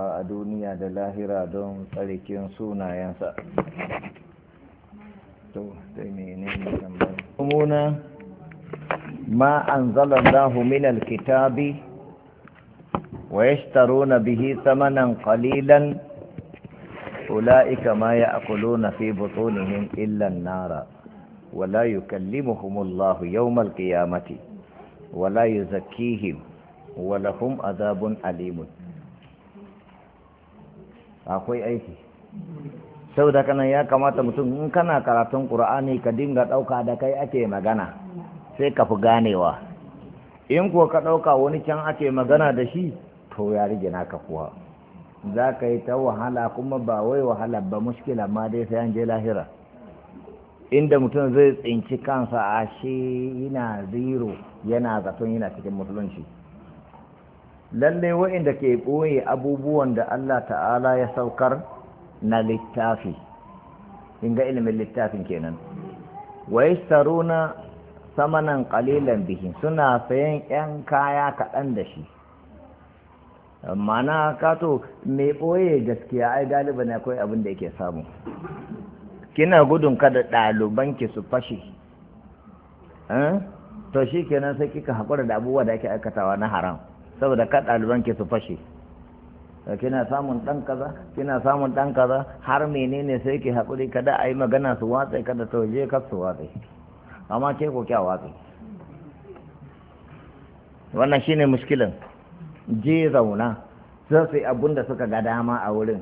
a duniya da lahira don tsarkin sunayensa to sai menene tambayar muna ma anzalallahu min alkitabi wa yashtaruna bihi thamanan qalilan ulaika ma ya'kuluna fi butunihim illa an-nara wa la yukallimuhumullahu yawmal qiyamati wala la yuzakkihim wa lahum adhabun alimun akwai aiki saboda kanan ya kamata mutum in kana karatun ƙura'ani ka dinga ɗauka da kai ake magana sai ka fi ganewa in kuwa ka ɗauka wani can ake magana da shi to ya rige naka kuwa za ka yi ta wahala kuma ba wai wahala ba muskila ma dai sai an je lahira inda mutum zai tsinci kansa a shi yana zero yana zaton yana cikin musulunci Lallai, wa'inda ke ɓoye abubuwan da Allah ta'ala ya saukar na littafi in ga ilimin littafin kenan wa yastaruna samanan qalilan bihi suna sayan yan kaya kaɗan da shi mana kato mai ɓoye gaskiya ai galiba ne akwai abin da yake samu kina gudun kada ɗalibanki su fashe eh? to shi kenan sai kika haƙura da abubuwa da ake aikatawa na haram saboda ka ɗaliban ke su fashe kina samun ɗan kaza kina samun ɗan kaza har menene sai ke haƙuri kada a yi magana su watsa kada ta waje kar su watsa amma ke ko kya watsa wannan shine muskilin je zauna za su yi abun da suka ga dama a wurin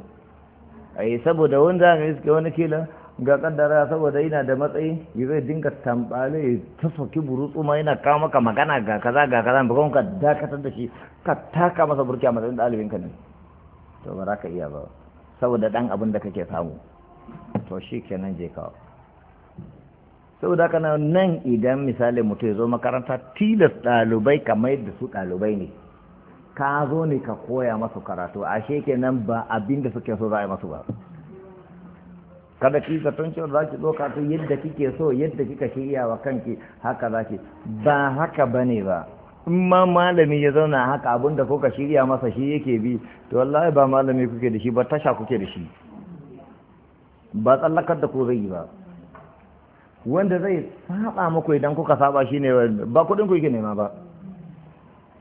ai eh, saboda wani yi suke wani kila ga kaddara saboda yana da matsayi yi zai dinga tambale ya ta soki burutsu yana kawo maka magana ga kaza ga kaza ba kuma ka dakatar da shi ka taka masa burki a matsayin ɗalibinka ne to ba za ka iya ba saboda ɗan abin da kake samu to shi kenan je kawo saboda haka nan idan misali mutum ya zo makaranta tilas ɗalibai kamar yadda su ɗalibai ne ka zo ne ka koya masu karatu a ashe kenan ba abin da suke so za a yi masu ba kada ki zaton cewa za ki zo karatu yadda kike so yadda kika shirya wa kanki haka za ki ba haka ba ne ba in ma malami ya zauna haka abin da kuka shirya masa shi yake bi to wallahi ba malami kuke da shi ba tasha kuke da shi ba tsallakar da ku zai ba wanda zai saba muku idan kuka saba shi ne ba kudin ku yake nema ba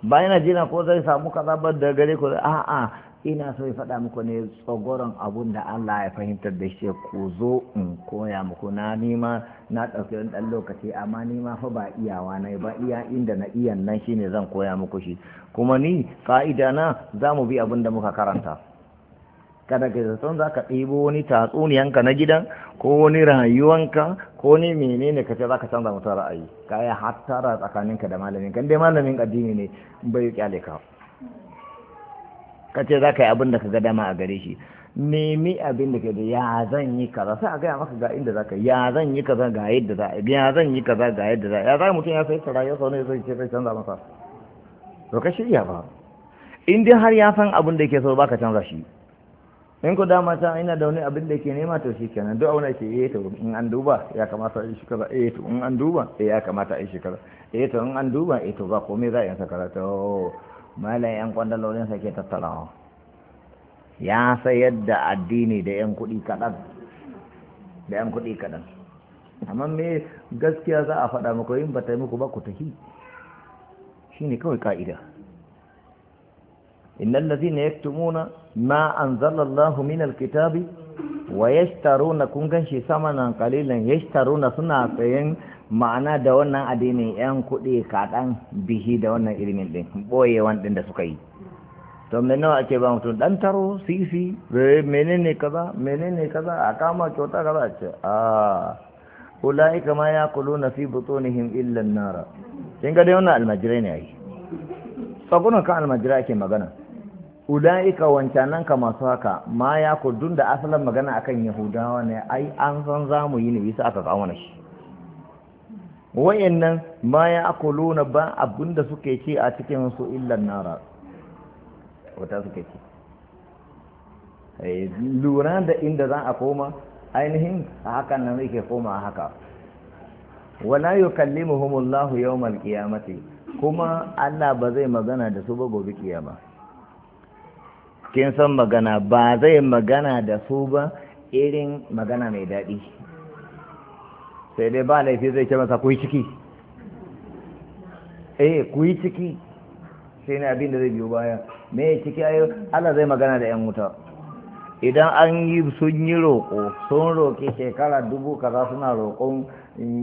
bayan ajiyar ko zai samu kaza ba da gare ku a'a ina so ya faɗa muku ne tsogoron abun da Allah ya fahimtar da shi ku zo in koya muku na nima na ɗauki wani ɗan lokaci amma nima fa ba iyawa na ba iya inda na iya nan shine zan koya muku shi kuma ni fa'ida na za mu bi abun da muka karanta kada ka zaton za ka ɗibo wani tatsuniyanka na gidan ko wani rayuwanka ko ni menene ka ce za ka canza mutum ra'ayi ka yi hattara tsakaninka da malamin kan dai malamin addini ne bai kyale ka ka ce za ka yi abin da ka ga dama a gare shi nemi abin da ke da ya zan yi kaza sai a gaya maka ga inda za ka ya zan yi kaza ga yadda za a ya zan yi kaza ga yadda za a ya za mutum ya sai tsara ya sau ne sai ce sai canza masa to ka shirya ba in dai har ya san abin da ke so baka canza shi in ku dama ta ina da wani abin da ke nema to kenan duk abin da ke yi, eh to in an duba ya kamata a yi shi kaza eh to in an duba eh ya kamata a yi shi kaza eh to in an duba eh to ba komai za a yi sakara to malam yan kwandalolinsa ke tattalawa ya sayar da addini da yan kudi kaɗan da yan kaɗan amma me gaskiya za a faɗa muku yin ba ta yi muku ba ku tafi shi ne kawai ka'ida innan lazi ya yaktumuna ma an zallallahu min alkitabi wa yashtaruna kun ganshi samanan qalilan yashtaruna suna sayan ma'ana da wannan adinin 'yan kuɗi kaɗan bihi da wannan ilimin ɗin ɓoye wanɗin da suka yi to me nawa ake ba mutum ɗan taro sisi eh, menene kaza menene kaza a kama kyauta kaza a ce a ah, ulai kama ya kulu na fi butunihim illan nara kin ga dai wannan almajirai ne ai tsagunan kan almajirai ake magana ula'ika wancanan ka masu haka ma ya kudun da asalin magana akan yahudawa ne ai an san zamu yi ne bisa aka kawo shi wayannan ma ya akuluna ba abinda suke ci a cikin su illan nara wata suke ce eh, lura da inda za a koma ainihin a hakan nan yake koma haka wala yukallimuhumullahu yawmal qiyamati kuma Allah ba zai magana da su ba gobe kiyama kin san magana ba zai magana da su ba irin magana mai daɗi sai dai ba laifi zai ke masa ku yi ciki eh ku yi ciki sai ne abin da zai biyo baya me ciki ayo Allah zai magana da yan wuta idan an yi sun yi roƙo sun roƙi shekara dubu kaza suna roƙon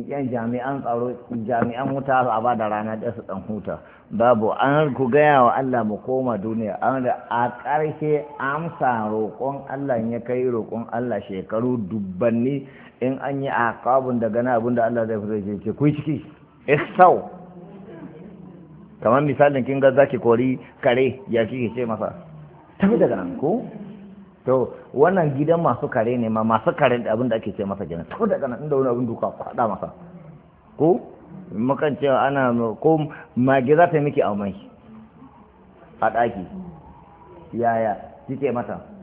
yan jami'an tsaro jami'an wuta a ba da rana da su dan huta babu an ku gaya wa Allah mu koma duniya an da a ƙarshe amsa roƙon Allah ya kai roƙon Allah shekaru dubbanni in an yi aqabun daga na abinda Allah zai fito ce ku ciki istau kamar misalin kin ga zaki kori kare ya kike ce masa tafi daga nan ko to wannan gidan masu kare ne ma masu kare da abinda ake ce masa gidan tafi daga nan inda wani abin duka kwada masa ko mukan ce ana ko mage za ta miki amai a ɗaki yaya kike mata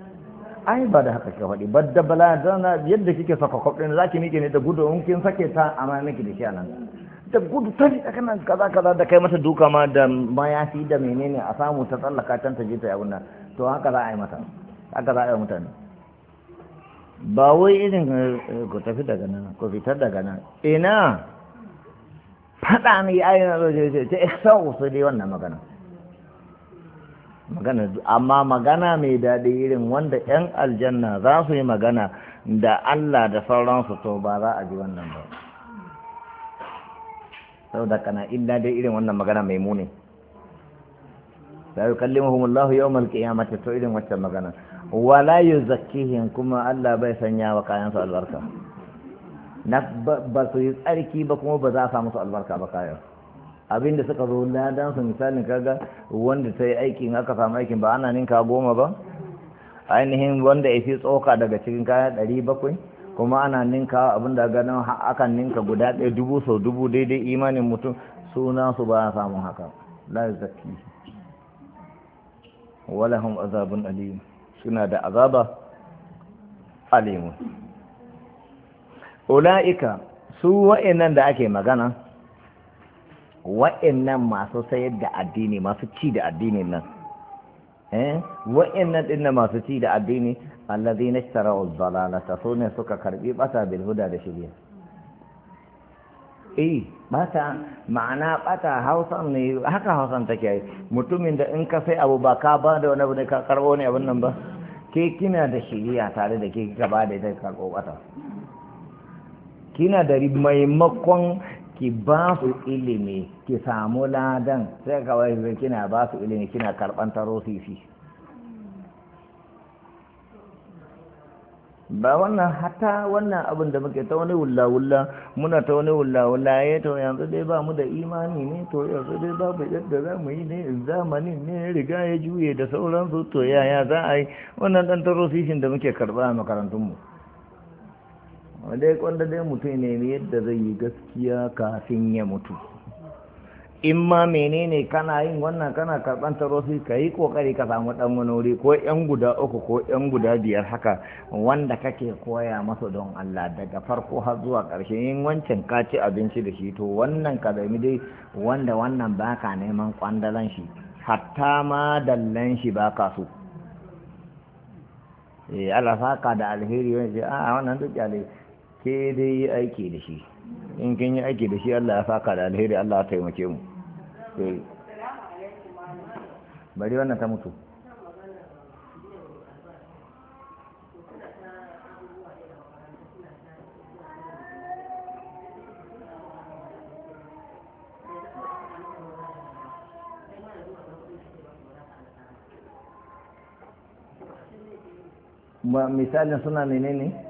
ai ba da haka ka faɗi ba da balazana yadda kike saka kwaɗin za ki miƙe ne da gudu in kin sake ta ma miki da shi a nan da gudu ta ji kana kaza kaza da kai mata duka ma da mayafi da menene a samu ta tsallaka can ta je ta yawon nan to haka za a yi mata haka za a yi mutane ba wai irin eh, ku tafi daga nan ku fitar daga nan ina faɗa ne ayyana zai ce ta wasu dai wannan magana magana amma magana mai daɗi irin wanda 'yan aljanna za su yi magana da Allah da sauransu to ba za a ji wannan ba sau da kana illa dai irin wannan magana mai muni la yukallimuhum Allah yawmal mace to irin wacce magana wala zakihin kuma Allah bai sanya wa kayansu albarka ba su yi tsarki ba kuma ba za a samu su albarka ba kayansu abin da suka zo ladan su misalin kaga wanda ta yi aikin aka samu aikin ba ana ninka goma ba ainihin wanda ya fi tsoka daga cikin kaya ɗari bakwai kuma ana ninka abin da ganin akan ninka guda ɗaya dubu sau dubu daidai imanin mutum suna su ba samun haka la zaki hum azabun alim suna da azaba alimu ula'ika su wa'annan da ake magana wa'annan masu sayar da addini masu ci da addinin nan eh? wa'annan din masu ci da addini allazina na shara so su ne suka karbi bata huda da shirya eh bata ma'ana bata hausan ne haka hausan take yi mutumin da in ka sai abu ba ka ba da wani abu ne ka karbo ne abin nan ba ke kina da shiriya tare da ke kika ba da ita karbo bata kina da maimakon ki ba su ilimi ki samu ladan sai kawai sai kina ba su ilimi kina karban taro sisi ba wannan hata wannan abin da muke ta wani wula-wula muna ta wani wula-wula ya eh to yanzu dai ba mu da imani ne to yanzu dai ba mu yadda za mu yi ne zamanin ne riga ya juye da sauransu to yaya za a yi wannan ɗan tarosishin da muke karɓa a makarantunmu ya kwanda dai mutum ne yadda zai yi gaskiya kafin ya mutu in ma menene kana yin wannan kana karɓar sai ka yi ƙoƙari ka samu ɗan wani ko yan guda uku ko yan guda biyar haka wanda kake koya masa don Allah daga farko har zuwa ƙarshe yin wancan ka ci abinci da shi to wannan ka zami dai wanda wannan baka neman kwandalan shi hatta ma dallan shi baka so eh Allah saka da alheri wani a wannan duk alheri ke dai yi aiki da shi in kin yi aiki da shi Allah ya saka da alheri Allah ya taimake mu eh. bari wannan ta mutu misalin suna menene ne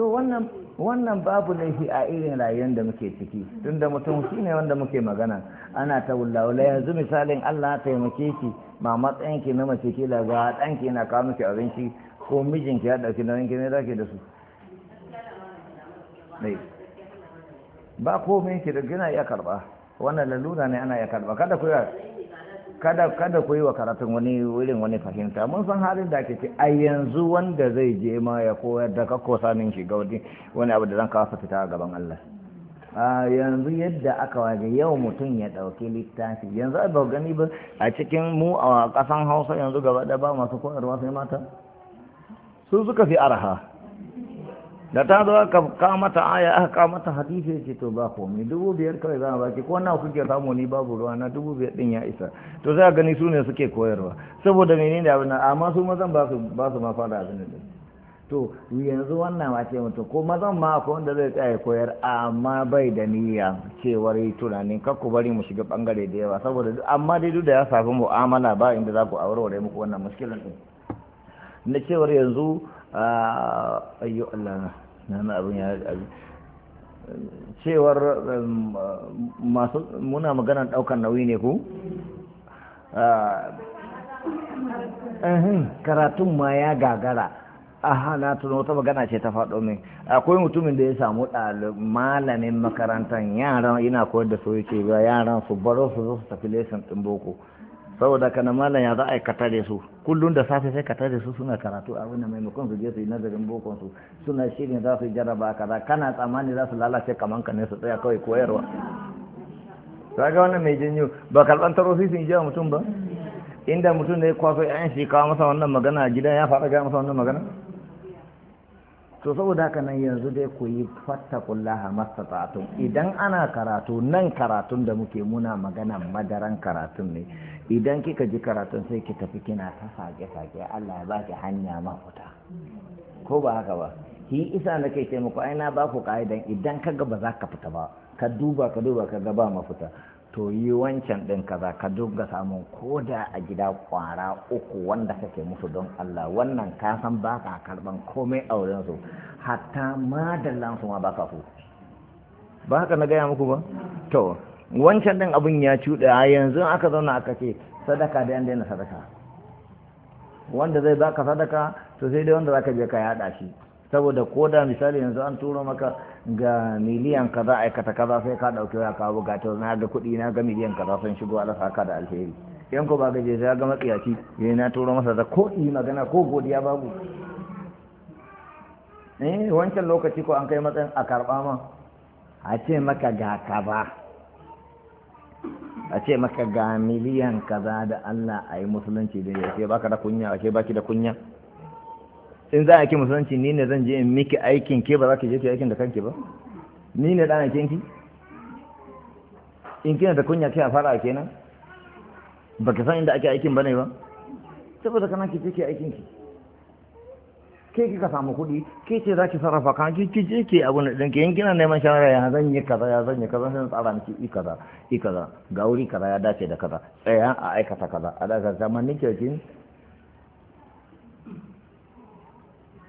to wannan wannan babu laifi a irin rayuwar da muke ciki tunda mutum shi ne wanda muke magana ana ta wula yanzu misalin Allah taimake ki ma matsayin ki na mace ki ga ɗan ki na kawo miki abinci ko mijin ki ya ɗauki nauyin ki ne zaki da su ba komai ki da gina iya karɓa wannan lalura ne ana iya karɓa kada ku yi kada kada ku yi wa karatun wani wurin wani fahimta mun san halin da ake ce a yanzu wanda zai je ma ya koyar da kakko samin shiga wani wani abu da zan kawo fita a gaban Allah a yanzu yadda aka waje yau mutum ya ɗauki littafi yanzu a ba gani ba a cikin mu a ƙasan hausa yanzu gaba ɗaya ba masu koyarwa sai mata su suka fi araha da ta zo aka kamata aya aka kamata hadisi ce to ba komai dubu biyar kawai za a baki ko wannan kuke samu ni babu ruwa na dubu biyar din ya isa to za a gani su ne suke koyarwa saboda menene da abin amma su mazan ba su ba su ma fara abin da to yanzu wannan ma ce mutum ko mazan ma ko wanda zai tsaya koyar amma bai da niyya cewar yi tunanin kar ku bari mu shiga bangare da yawa saboda amma dai duk da ya safi mu'amala ba inda za ku aure muku wannan muskilin din na cewar yanzu cewar masu muna maganar ɗaukan nauyi ne ku karatun ma ya gagara aha na tuno wata magana ce ta faɗo min akwai mutumin da ya samu malamin makarantar yaran yana koyar da su yake yaran su baro su zo su tafi lesson ɗin boko saboda kana malam ya za a ka tare su kullum da safe sai ka tare su suna karatu a wani maimakon su je su yi nazarin bokon su suna shirin za su jaraba a kaza kana tsammani za su lalace kaman ka ne su tsaya kawai koyarwa ga wannan mai janyo ba karban taro sai sun jiya mutum ba inda mutum ne kwaso ya shi kawo masa wannan magana gidan ya faɗa gaya masa wannan magana to saboda haka nan yanzu dai ku yi fattakullaha mastata'atun idan ana karatu nan karatun da muke muna magana madaran karatun ne idan kika ji karatun sai ki tafi kina ta sage-sage Allah ya baki hanya mafuta ko ba haka ba hi isa na kai taimako ai na ba ku ka'idan idan ka ga ba za ka fita ba ka duba ka duba ka ga ba mafuta to yi wancan ɗin kaza ka duba samun koda a gida kwara uku wanda kake musu don Allah wannan ka san ba ka karban komai auren su hatta madallan su ma ba ka ku ba haka na gaya muku ba to wancan din abin ya cuɗe a yanzu aka zauna aka ce sadaka da yan daina sadaka wanda zai baka sadaka to sai dai wanda zaka je ka yaɗa shi saboda ko da misali yanzu an turo maka ga miliyan kaza aikata kaza sai ka ɗauki waya ka buga to na ga kuɗi na ga miliyan kaza sun shigo alasa ka da alheri yan ko ba gaje sai ga matsiyaci yayin eh, na turo masa da ko yi magana ko godiya babu eh wancan lokaci ko an kai matsayin a karɓa ma a ce maka ga ka ba a ce maka ga miliyan kaza da Allah a yi musulunci da ya ce baka da kunya a ce baki da kunya in za a ki musulunci ni ne zan je in miki aikin ke ba za ki je ki aikin da kanki ba ni ne ɗan aikin ki in kina da kunya kina fara kenan baka san inda ake aikin bane ba saboda kana ki je ki aikin ki ke kika samu kuɗi ke ce za ki sarrafa kan ki ki ke abun abu na yin in kina neman shawara ya zan yi kaza ya zan yi kaza sai tsara miki i kaza i kaza ga wuri kaza ya dace da kaza tsaya a aikata kaza a daga zaman nake kin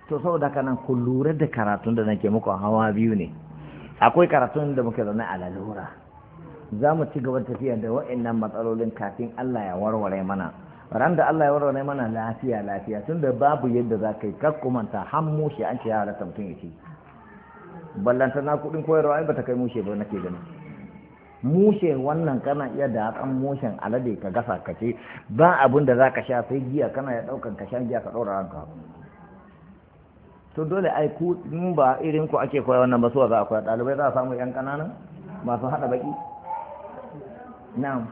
to saboda haka nan ku lura da karatun da nake muku hawa biyu ne akwai karatun da muke zaune a lalura za mu ci gaba tafiya da wa'annan matsalolin kafin Allah ya warware mana faran da Allah ya warware mana lafiya lafiya tun da babu yadda za ka yi kakkumanta han mushe an ce ya halatta mutum ya ce ballanta na kuɗin koyarwa ai bata kai mushe ba nake gani mushe wannan kana iya da hakan mushen alade ka gasa ka ce ba abin da za ka sha sai giya kana ya ɗaukan ka sha giya ka ɗora ranka to dole ai ku in ba irin ku ake koya wannan ba suwa za a koya ɗalibai za a samu 'yan ƙananan masu haɗa baƙi na'am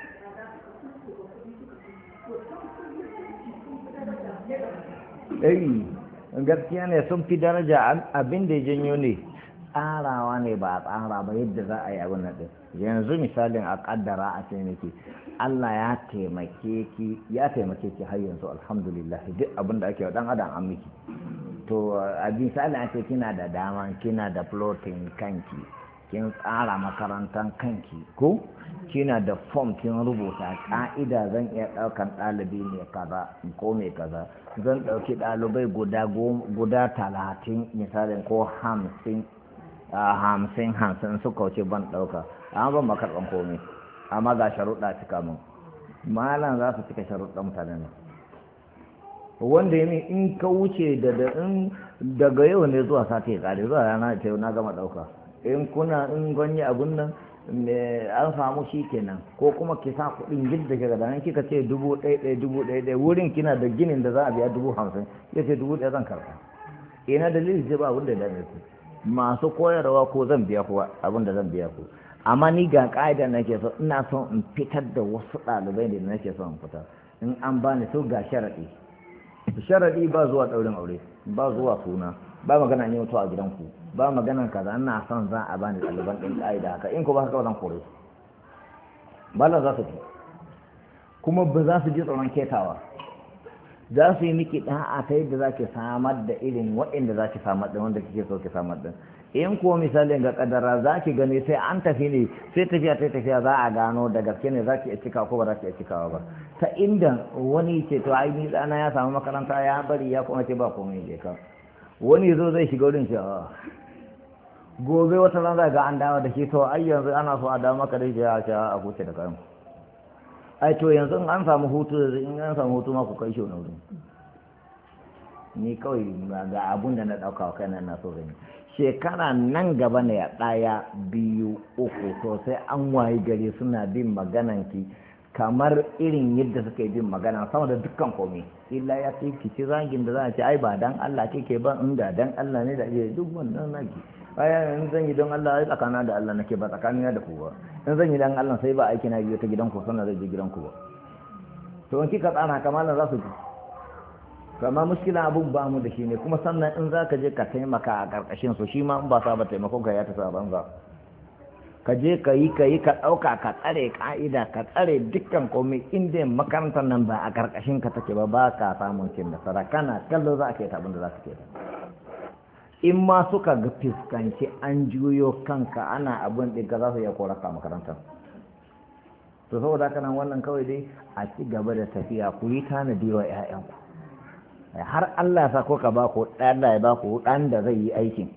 ɗari gaskiya ne sun fi daraja abin da ya janyo ne tsarawa ne ba a tsara ba yadda za a yi abin nan yanzu misalin a kaddara a ce Allah ya taimake ki ya taimake ki har yanzu alhamdulillah duk abin da ake dan adam an miki to a misali a ce kina da dama kina da floating kanki kin tsara makarantan kanki ko kina da form kin rubuta ka'ida zan iya ɗaukan ɗalibi ne kaza ko mai kaza zan ɗauki ɗalibai guda guda talatin misalin ko hamsin hamsin hamsin su kauce ban ɗauka amma ban ba komai amma ga sharuɗa cika mun malam za su cika sharuɗan mutane ne wanda ya in ka wuce daga in daga yau ne zuwa sati ya ƙare zuwa rana ce na gama ɗauka in kuna in ganye abun nan an samu shi kenan ko kuma ki sa kuɗin gidda ki gada kika ce dubu ɗaya ɗaya dubu ɗaya ɗaya wurin kina da ginin da za a biya dubu hamsin ya ce dubu ɗaya zan karɓa ina lili ce ba abin da dame ku masu koyarwa ko zan biya ku abin da zan biya ku amma ni ga ƙa'ida ke so ina son in fitar da wasu ɗalibai da ke son in fitar in an bani sau ga sharaɗi sharaɗi ba zuwa ɗaurin aure ba zuwa suna ba magana ne mutuwa a gidanku ba maganan kaza ina son za a bani ɗaliban ɗin ƙa'ida haka in ko ba haka zan kore bala za su ji kuma ba za su ji tsoron ketawa za su yi miki ɗa'a ta yadda za ki samar da irin waɗanda za ki samar da wanda kike so ki samar da in ko misalin ga kadara za ki gani sai an tafi ne sai tafiya ta tafiya za a gano da gaske ne za ki iya cika ko ba za ki iya cikawa ba ta inda wani ce to ai ni ɗana ya samu makaranta ya bari ya kuma ce ba komai je ka wani zo zai shiga wurin ce ah. gobe wata nan za ga an dawo da shi to ai yanzu ana so a dawo maka da ya ce a huce da kayan ai to yanzu in an samu hutu da in an samu hutu ma ku kai shi wani ni kawai ga abun da na dauka wa kaina na so zan shekara nan gaba ne ya ɗaya biyu uku to an wayi gari suna bin maganan ki kamar irin yadda suka yi bin magana sama da dukkan komai illa ya fi kici zangin da za a ce ai ba dan Allah kike ba in da dan Allah ne da iya duk wannan naki bayan in zan yi don Allah ai tsakana da Allah nake ba tsakanina da ku ba in zan yi don Allah sai ba aiki na biyo ta gidan ku na zai je gidan ku ba to in kika tsana kamalan za su ji muskila abun ba mu da shi ne kuma sannan in za ka je ka taimaka a ƙarƙashin su shi ma in ba sa ba taimakon ka ya ta sa banza ka je ka yi ka yi ka ɗauka ka tsare ka'ida ka tsare dukkan komai inda makarantar nan ba a karkashin ka take ba ba ka samun cin nasara kana kallo za a ke ta abin da za ka ke in ma suka ga fiskanci an juyo kanka ana abin ɗinka za su iya koraka makarantar to saboda haka nan wannan kawai dai a ci gaba da tafiya ku yi tanadi wa 'ya'yanku har Allah sa ko ka ba ku ɗan da ya ba ku ɗan da zai yi aikin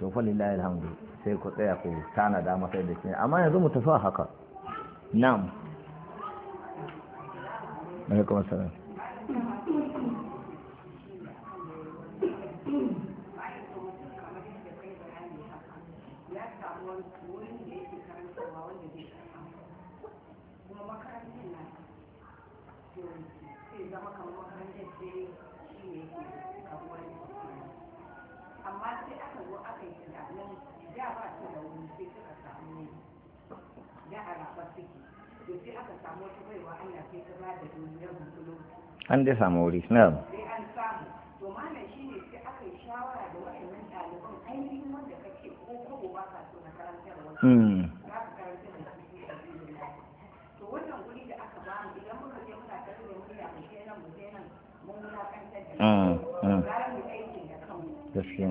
to fa lillahi alhamdu sai ku tsaya ku tanada masa da shi amma yanzu mu tafi haka na'am alaikum assalam da ba su da wuri sai suka samu to sai aka samu wata baiwa Allah sai ta ba da duniyar an dai samu wuri sai an samu to shine sai aka yi shawara da wayannan ɗaliban ainihin wanda kake ko ba ka so na karantar hmm. wannan wuri da aka ba mu hmm, hmm. gaskiya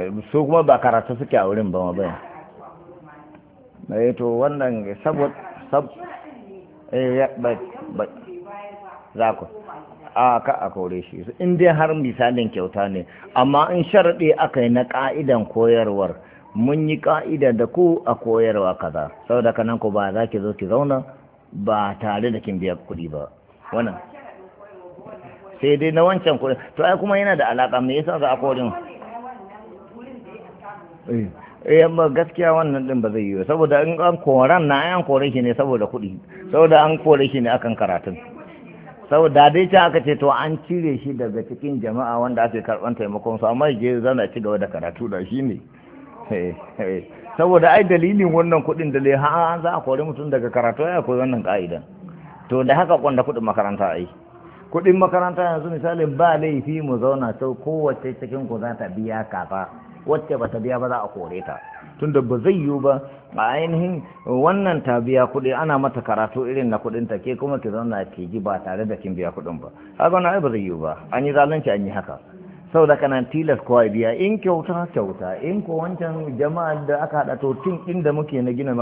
Eh, su kuma ba karatu suke a wurin ba ma bayan yi eh, to wannan sabot sab eh ba ba za ku a ka a kore shi in dai har misalin kyauta ne amma in sharaɗe aka yi na ƙa'idan koyarwar mun yi ƙa'ida da ku a koyarwa kaza saboda kanan ku ba za ki zo ki zauna ba tare da kin biya kuɗi ba wannan sai dai na wancan kuɗi to ai kuma yana da alaƙa me yasa za a korin yamma eh. Eh, gaskiya wannan din ba zai yi saboda in an koran na an kore shi ne saboda kuɗi saboda an kore shi ne akan karatun saboda dai ta aka ce to an cire shi daga cikin jama'a wanda ake karban taimakon su amma je zana ci gaba da karatu da shi ne eh, saboda ai dalilin wannan kuɗin da le ha za a kore mutum daga karatu ya koyi wannan ka'ida to da haka kwanda kuɗin makaranta ai kuɗin makaranta yanzu misalin ba laifi mu zauna sau kowace cikin ku za ta biya kafa wacce ba ta biya ba za a kore ta tunda ba zai yiwu ba a ainihin wannan ta biya kuɗi ana mata karatu irin na kuɗin ta ke kuma ki zauna ki ji ba tare da kin biya kuɗin ba haka wannan ba zai yiwu ba an yi zalunci an yi haka saboda kana tilas kowa biya in kyauta kyauta in ko wancan jama'a da aka haɗa to tun inda muke na gina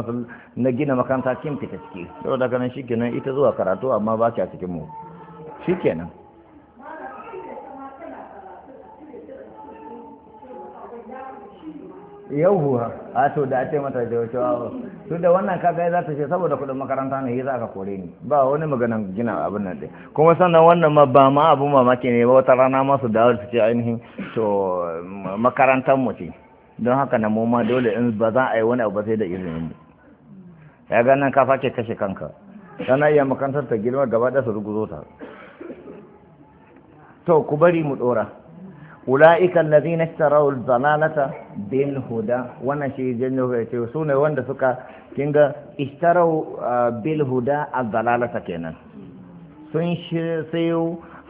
na gina makaranta kin fita ciki saboda kana shikenan ita zuwa karatu amma ba ki a cikin mu shikenan yauwa a to da ce mata da wato to da wannan kaga za ta ce saboda kudin makaranta ne yi za ka kore ni ba wani maganan gina abin nan din kuma sannan wannan ma ba ma abu mamaki ne ba wata rana masu su dawo su ce ainihin to makarantar mu ce don haka na mu ma dole in ba za a yi wani abu ba sai da izinin mu ya ga nan ka sake kashe kanka tana iya makarantar ta girma gaba da su ruguzo ta to ku bari mu dora ula'ika allazina ishtaraw al-dalalata bil huda wannan shi janyo ga ce su ne wanda suka kinga ishtaraw uh, bil huda ad-dalalata kenan sun shi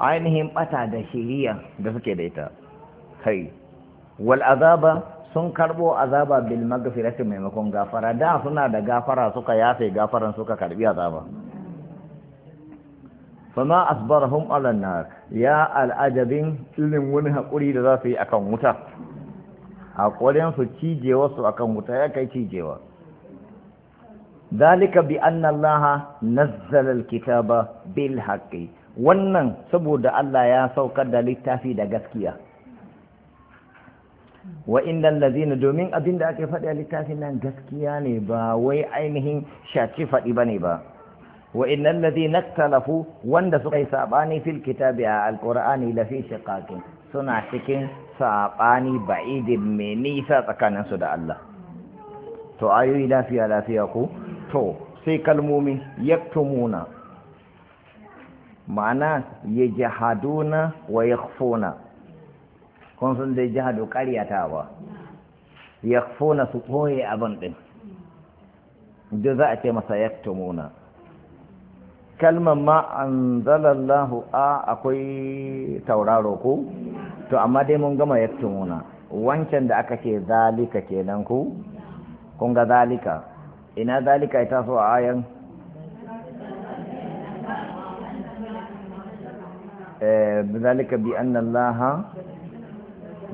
ainihin bata da shiriya da suke da ita kai wal azaba sun karbo azaba bil maghfirati maimakon gafara da suna da gafara suka yafe gafaran suka karbi azaba fama asbarahum ala nar ya al'ajabin irin wani hakuri da za su yi akan wuta hakurin su cijewa su akan wuta ya kai cijewa dalika bi anna Allah nazzala alkitaba bil wannan saboda Allah ya saukar da littafi da gaskiya wa inda lazina domin abin da ake faɗi a littafin nan gaskiya ne ba wai ainihin shaci faɗi ba ne ba wa innal ladhina ikhtalafu wanda suka yi sabani fil a alkur'ani la fi suna cikin saɓani ba'idin mai nisa tsakanin da Allah to ayoyi lafiya lafiya ku to sai kalmomi yaktumuna ma'ana yajhaduna wa yakhfuna kun sun dai karyatawa yakhfuna su koye abin din duk za a ce masa yaktumuna kalmar ma an zalallahu a akwai tauraro ko to amma dai mun gama yaktumuna wancan da aka ce zalika kenan ku kun ga zalika ina zalika ita so a ayan ذلك بأن الله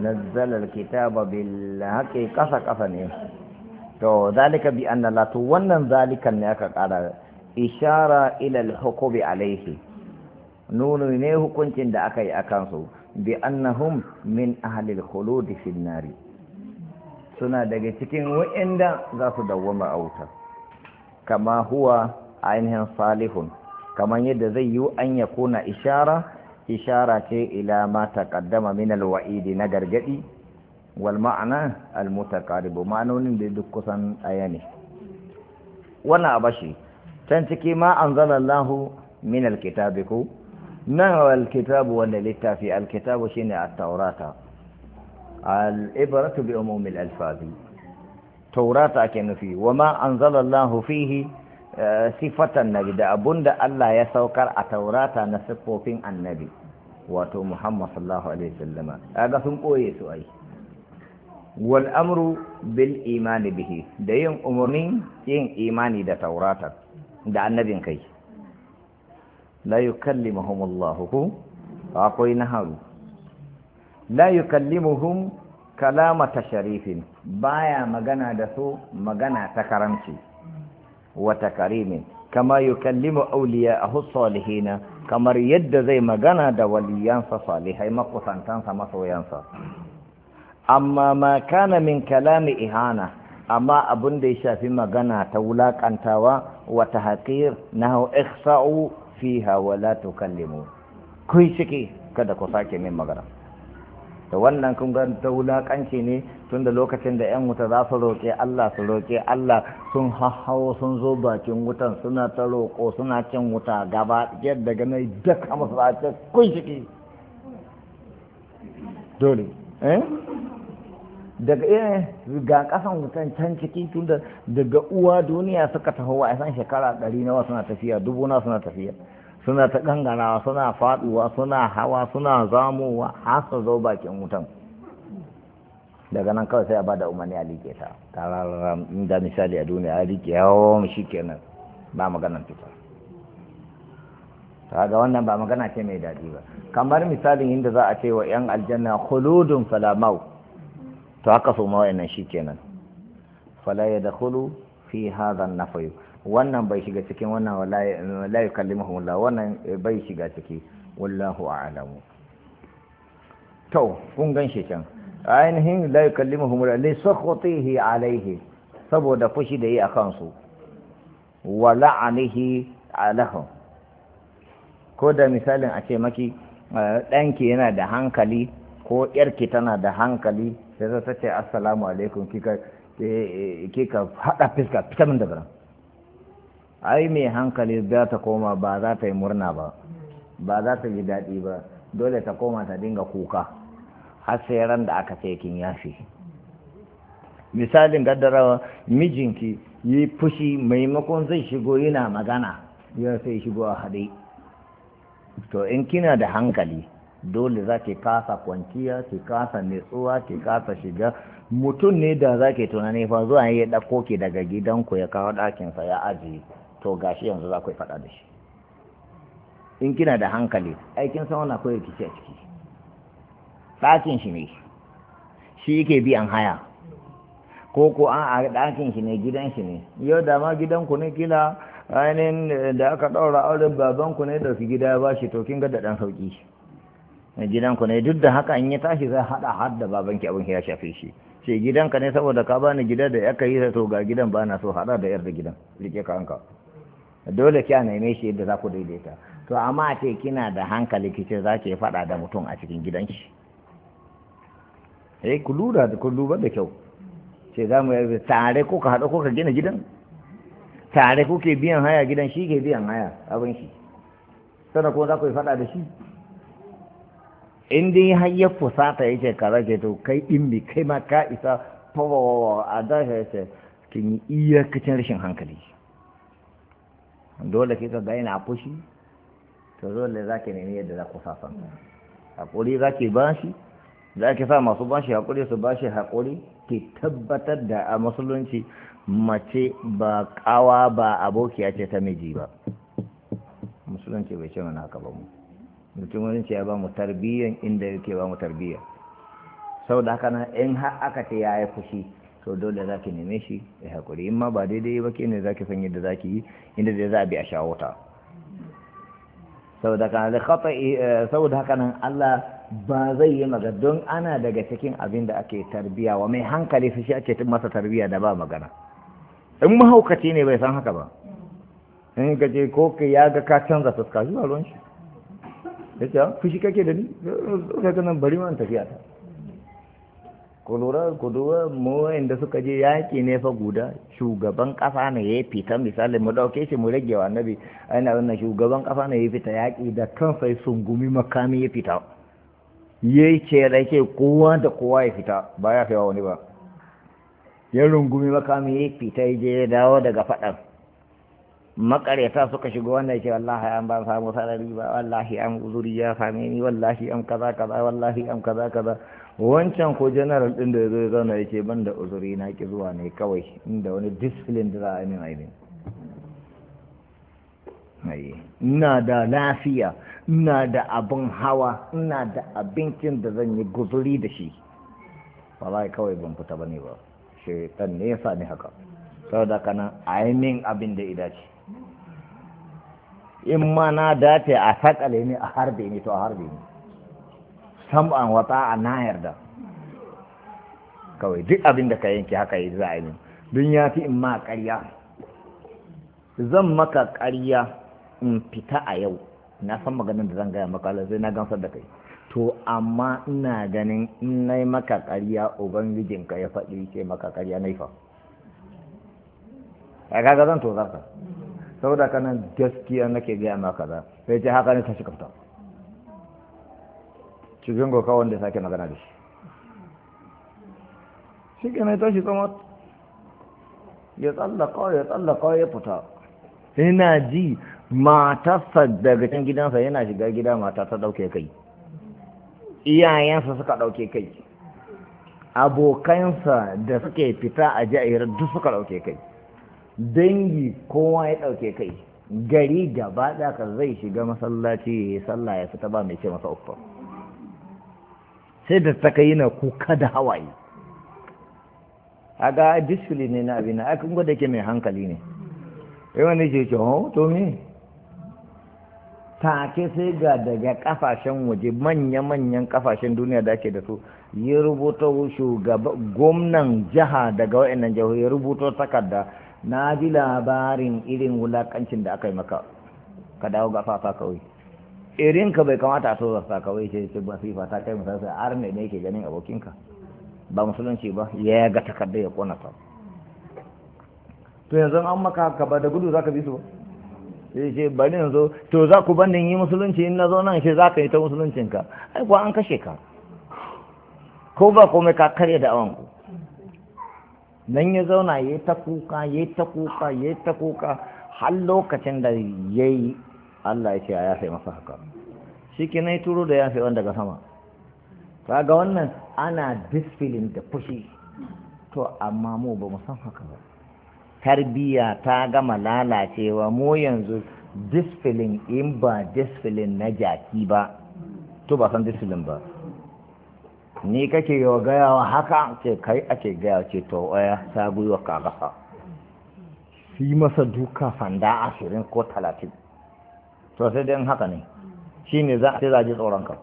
نزل الكتاب بالحق قصة قصة ne to zalika bi anna la to wannan zalikan ne aka kara ishara ilal hukubi alaihi nuno ne hukuncin da aka yi a kansu bi annahum min ahlil khuludi fin nari suna daga cikin wa'inda za su dawwama a wuta kama huwa ainihin salihun kaman yadda zai yi an ya kuna ishara ishara ce ila ma taqaddama min al-wa'idi na gargadi wal ma'ana al mutaqaribu ma'anonin da duk kusan ɗaya ne wannan abashi can ciki ma anzalallahu min alkitabi ko nan alkitabu wanda littafi alkitabu shine a taurata al-ibratu bi umumi alfazi taurata ke nufi wa ma anzalallahu fihi eh, sifatan nabi da abunda Allah ya saukar a taurata na siffofin annabi wato Muhammad Sallahu alaihi wasallama ga sun koye su ai wal amru bil imani bihi da yin umurni yin imani da taurata da annabin kai la yukallimuhumullahu hu akwai naharu la yukallimuhum kalama ta sharifin baya magana da su magana ta karamci wata karimin kama yukallimu auliya a salihina kamar yadda zai magana da waliyansa salihai makusantansa masoyansa amma ma kana min kalami ihana amma abin da ya shafi magana ta wulakantawa وتحقير نهو اخسعوا فيها ولا تكلموا كوي شكي kada ku sake min magana da wannan kun ga ta wulaƙanci ne tun da lokacin da 'yan wuta za su roƙe Allah su roƙe Allah sun hahawo sun zo bakin wutan suna ta roƙo suna cin wuta gaba yadda gane daka musu za a ce kun shiki dole eh daga irin ga kasan wutan can ciki tun da daga uwa duniya suka taho wa san shekara ɗari nawa suna tafiya dubu na suna tafiya suna ta gangarawa suna faduwa suna hawa suna zamowa har su zo bakin wutan daga nan kawai sai a bada umarni a liƙe ta tararara inda misali a duniya a liƙe mu shi kenan ba maganan fita ga wannan ba magana ce mai daɗi ba kamar misalin inda za a ce wa 'yan aljanna khuludun salamau to haka su ma wa'annan kenan fala yadkhulu fi hadha an-nafy wannan bai shiga cikin wannan la yukallimuhum Allah wannan bai shiga ciki wallahu a'lamu to kun gan shi can ainihin la yukallimuhum Allah li sakhatihi alayhi saboda fushi da yi a kansu wa la'anihi alahum ko da misalin a ce maki eh, ɗanki yana da hankali ko ƴarki tana da hankali sai zo ta ce assalamu alaikum kika kika hada fiska fita min daga ai mai hankali za ta koma ba za ta yi murna ba ba za ta yi daɗi ba dole ta koma ta dinga kuka har sai ran da aka ce kin yafi misalin gaddarawa mijinki yi fushi maimakon zai shigo yana magana ya sai shigo a haɗe to in kina da hankali dole za ki kasa kwanciya ki kasa nitsuwa ki kasa shiga mutum ne da za ki tunani fa zuwa ya ɗako ke daga gidanku ya kawo ɗakinsa ya ajiye to gashi yanzu za ku yi faɗa da shi in kina da hankali aikin sama na koyar rikici a ciki ɗakin shi ne shi yake biyan haya ko ko an a ɗakin shi ne gidan shi ne yau da ma gidanku ne kila ainihin da aka ɗaura auren babanku ne da su gida ya ba shi to kin ga da ɗan sauƙi mai gidanku ne duk da haka an yi tashi zai haɗa har da babanki abin ya shafe shi sai gidanka ne saboda ka bani gida da ka yi to ga gidan ba na so haɗa da yar da gidan rike ka hanka dole kya neme shi yadda za ku daidaita to amma ce kina da hankali ki ce za ki faɗa da mutum a cikin gidanki eh ku lura da ku lura da kyau ce za mu yi tare ko ka haɗa ko ka gina gidan tare kuke biyan haya gidan shi ke biyan haya abin shi sannan kuma za ku yi faɗa da shi in dai har ya fusata yake ka rage to kai in bi kai ma ka isa fawawa a daga ce kin yi iyakacin rashin hankali dole kika ga yana fushi to dole za ki nemi yadda za ku sasanta hakuri za ki bashi za ki sa masu bashi hakuri su ba shi hakuri ki tabbatar da a musulunci mace ba kawa ba abokiya ce ta miji ba musulunci bai ce mana haka ba mu mutum wani ce ya ba mu tarbiyyan inda yake ba mu tarbiyya sau da haka nan in har aka ce ya yi fushi to dole za ki neme shi ya haƙuri in ma ba daidai ba ke ne za ki san yadda za ki yi inda zai za a bi a shawo ta sau da eh, haka nan Allah ba zai yi magana don ana daga cikin abin da ake tarbiya wa mai hankali su shi ake masa tarbiya da ba magana in mahaukaci ne bai san haka ba in gaje ko ya ga ka canza fuska shi shi da ke ah, fushi kake da ni daga nan bari man tafiya ta ku lura ku mu wanda suka je yaƙi ne fa guda shugaban ƙasa ne ya fita misali mu ɗauke shi mu rage wa annabi ana wannan shugaban ƙasa ne ya fita yaƙi da kansa sun gumi makami ya fita yi ce da ke kowa da kowa ya fita ba ya fi wani ba ya rungumi makami ya fita ya je ya dawo daga faɗan makareta suka shigo wannan ce wallahi an ban samu sarari ba wallahi an uzuri ya same ni wallahi an kaza kaza wallahi an kaza kaza wancan ko general din da zai zauna yake ban da uzuri na ki zuwa ne kawai inda wani discipline da za a yi mai mai ina da lafiya ina da abin hawa ina da abincin da zan yi guzuri da shi wallahi kawai ban fita bane ba shi ne ya sa ni haka saboda kana a yi min abin da ya dace in ma na dace a sakale ne a harbe ni to a harbe ni sam'an wata a na yarda kawai duk abin da ka yanke haka yi za a yi don ya fi in ma karya zan maka karya in fita a yau na san maganin da zan gaya maka sai na gamsar da kai to amma ina ganin in na maka karya, ƙarya ubangijinka ya faɗi ce maka karya na a ya kaga zan to saboda kana gaskiya nake gaya ma kaza sai ce haka ne ta shi kafta cikin goka wanda sake magana da shi shi ke mai tashi ya tsallaka ya tsallaka ya fita ina ji matarsa daga can gidansa yana shiga gida mata ta ɗauke kai iyayensa suka ɗauke kai abokansa da suke fita a jairar duk suka ɗauke kai dangi kowa ya ɗauke kai gari gaba ɗaka zai shiga masallaci ya yi sallah ya fita ba mai ce masa sai da ta kai na kuka da hawaye a ga disfili ne na abin a kan gwada ke mai hankali ne yi wani ce ce hau oh, to me take sai ga daga kafashen waje manya-manyan kafashen duniya da ake da su ya rubuta gwamnan jiha daga wa'annan jihohi ya rubuta takarda na ji labarin irin wulakancin da aka yi maka ka dawo ga fafa kawai ka bai kamata a sa kawai ce ce ba sifa ta kai musamman har ne ne ke ganin abokinka ba musulunci ba ya ga takardar ya kona ta to yanzu an maka ka ba da gudu za ka bi su ba sai ce bari yanzu to za ku ban yi musulunci in na zo nan ce za ka yi ta musuluncinka ai ba an kashe ka ko ba komai ka karya da awanku nan ya zauna ya ta kuka ya ta kuka ya ta kuka har lokacin da ya yi Allah ya ce a yafe masa haka shi ke nai turo da yafe wanda daga sama ga wannan ana disfilin da fushi to amma mu ba mu san haka ba tarbiyya ta gama lalacewa mu yanzu disfilin in ba disfilin na jaki ba to ba san disfilin ba ni kake wa gaya wa haka ce kai ake gaya ce to waya ta gwiwa ka gasa yi masa duka fanda ashirin ko talatin to sai dai haka ne shi ne za a ce zaji tsoron ka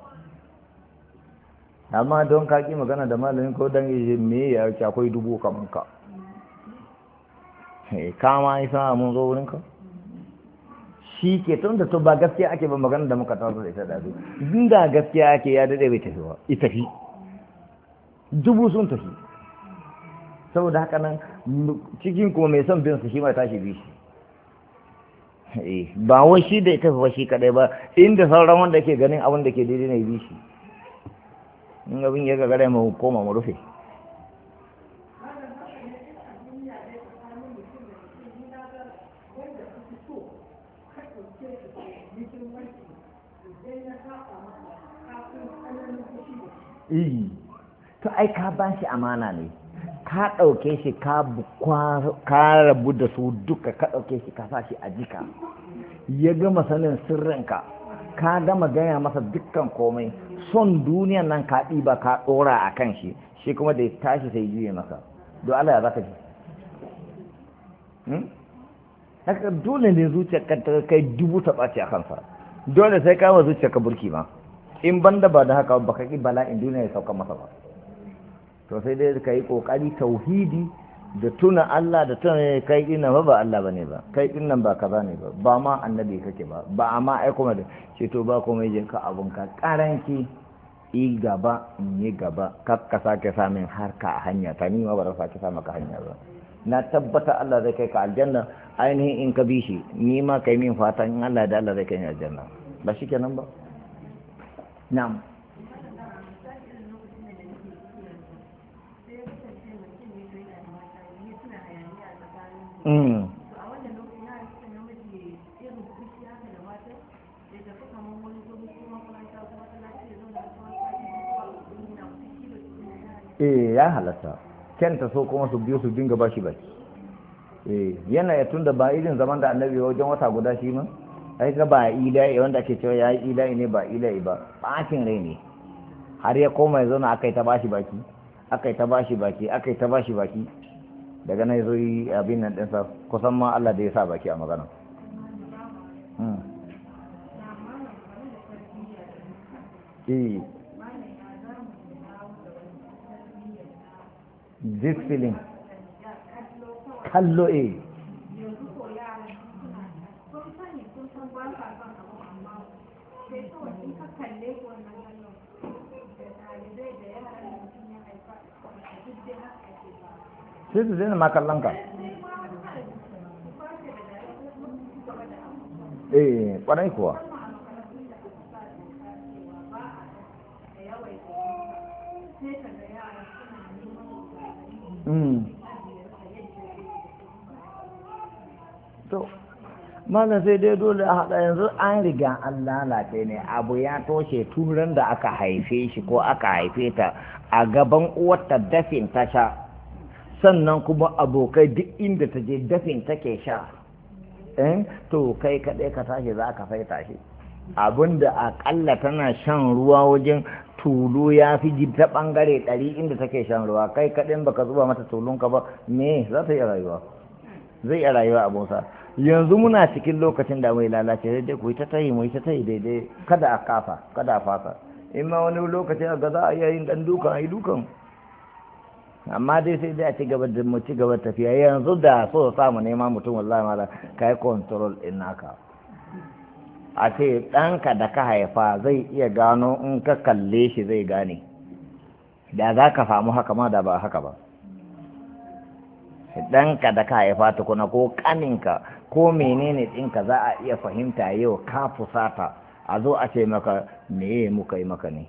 amma don ka ki magana da malamin ko dan yaje me ya ce akwai dubu mun ka eh ma isa mun zo wurin ka shi ke tun da to ba gaskiya ake ba magana da muka taso da ita da su inda gaskiya ake ya dade bai tafi ba ita fi dubu sun tafi saboda haka nan cikin ko mai son bin shi ma tashi bishi eh, ba wai shi da tafi washi shi kadai ba inda sauran wanda ke ganin abin da ke daidai ne bi shi in abin ya gagara mu koma mu rufe ai ka ba shi amana ne ka ɗauke shi ka rabu da su duka ka ɗauke shi ka sa shi a jika ya gama sanin sirrinka ka gama gaya masa dukkan komai son duniyan nan ka ɗiba ka ɗora a kan shi shi kuma da tashi sai juye masa don Allah ya za ka ji hmm? haka dole ne zuciyar ka ta kai dubu ta ɓaci a kansa dole sai kama zuciyar ka burki ma in banda ba da haka ba ka ƙi bala'in duniya ya sauka masa ba to sai dai ka yi kokari tauhidi da tuna Allah da tuna kai ina ba ba Allah bane ba kai din nan ba kaza ne ba ba ma annabi kake ba ba amma ai kuma da ce to ba komai je ka abun ka karanki yi gaba in yi gaba kar ka sake samun harka a hanya ta ni ma ba za sake samu ka hanya ba na tabbata Allah zai kai ka aljanna ainihin in ka bi shi ni ma kai min fatan Allah da Allah zai kai ni aljanna ba kenan ba na'am Mm. eh ya halatta kenta so kuma su biyu su dinga ba shi baki eh yana ya tunda ba irin zaman da annabi wajen wata guda shi ma ai ga ba ila'i wanda ake cewa ya yi ila'i ne ba ila'i ba bakin rai ne har ya koma ya zauna aka yi ta bashi baki aka yi ta bashi baki aka yi ta bashi baki daga nan zo yi abin nan ɗinsa kusan ma Allah da ya sa baki a magana hmm. eh. feeling. kallo eh sai kawai in ka kalle ko wannan sai su zina makallon ka eh kwanai kuwa hmm. to malam sai dai dole a haɗa yanzu an riga an lalace ne abu ya toshe turan da aka haife shi ko aka haife ta a gaban uwarta dafin tasha. sannan kuma abokai duk inda ta je dafin take sha ɗin eh, to kai kaɗai ka tashi za ka fai tashi da aƙalla tana shan ruwa wajen tulu ya fi ji ta ɓangare ɗari inda take shan ruwa kai kaɗai ba ka zuba mata tulunka ba me za ta iya rayuwa zai iya rayuwa bauta. yanzu muna cikin lokacin da mai lalace daidai ku yi ta tayi mu yi ta tayi daidai kada a kafa kada a fasa in ma wani lokacin a ga za a yayin ɗan dukan a yi dukan amma dai sai dai a ci gaba da mu ci gaba tafiya yanzu da so samu neman mutum wallahi mala kai control din naka a ce ɗanka da ka haifa zai iya gano in ka kalle shi zai gane da za ka samu haka ma da ba haka ba ɗanka da ka haifa tukuna ko ƙaninka ko menene ɗinka za a iya fahimta yau ka fusata a zo a ce maka me muka yi maka ne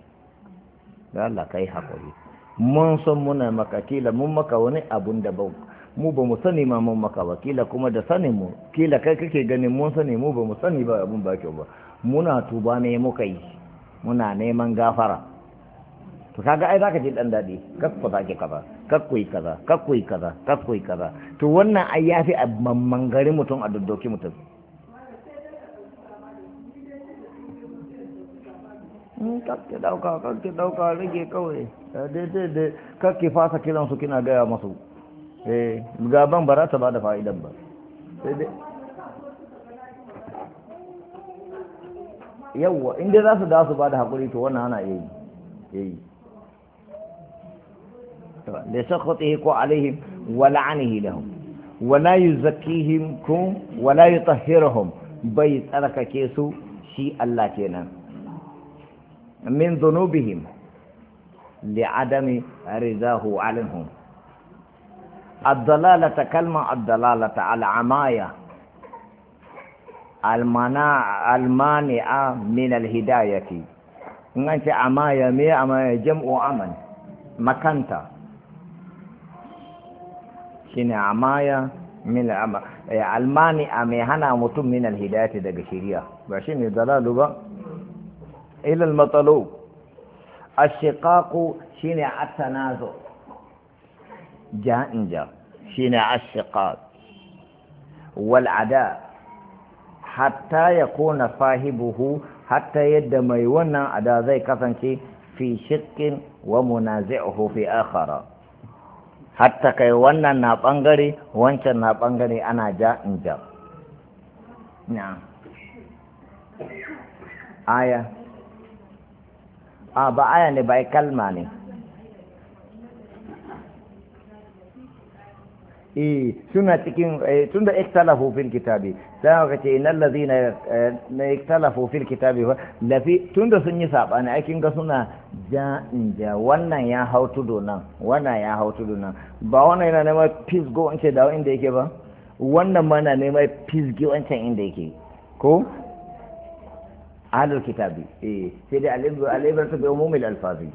Allah kai haƙuri mun san muna maka kila mun maka wani abun da ba mu ba mu sani ma mun maka ba kila kuma da sani mu kila kai kake ganin mun sani mu ba mu sani ba abun ba kyau ba muna tuba ne muka yi muna neman gafara to kaga ai zaka ji dan dadi kakku zaki kaza kakku yi kaza kakku yi kaza kakku yi kaza to wannan ai yafi a mamman gari mutum a doddoki mutum in dauka kakki dauka rage kawai daidai da kakki fasa kiransu kina gaya masu eh gaban ba za ta ba da fa'idan ba sai dai yawwa inda za su dasu ba da haƙuri to wannan ana yi yi da sakhatihi ko alaihim wa la'anihi lahum wa la yuzakkihim kum wa la yutahhiruhum bai tsarkake su shi Allah kenan من ذنوبهم لعدم رضاه عنهم الضلالة كلمة الضلالة العماية المناع المانعة من الهداية أنت عماية مي عماية جمع عمل مكانتا شنو عماية من العمل المانعة مي هنا متم من الهداية دقى شريعة وشنو بقى إلى المطلوب الشقاق شنع التنازع جاء جاء شنع الشقاق والعداء حتى يكون صاحبه حتى يد ميونا على ذي كفنشي في شق ومنازعه في آخر حتى kai wannan na وانشا wancan na bangare ana ja a ah, ba aya ne ba kalma ne e suna cikin eh, tunda ikhtalafu fil kitabi sai ka ce innal ladina na eh, ikhtalafu fil kitabi la fi tunda sun yi sabani ai ga suna ja'in ja wannan ya hau tudo nan wannan ya hau tudo nan ba wannan yana neman go wance da inda yake ba wannan ma na neman fisgi wancan inda yake ko ahlul kitabi eh sai dai al'ibra ta bi umumil alfazi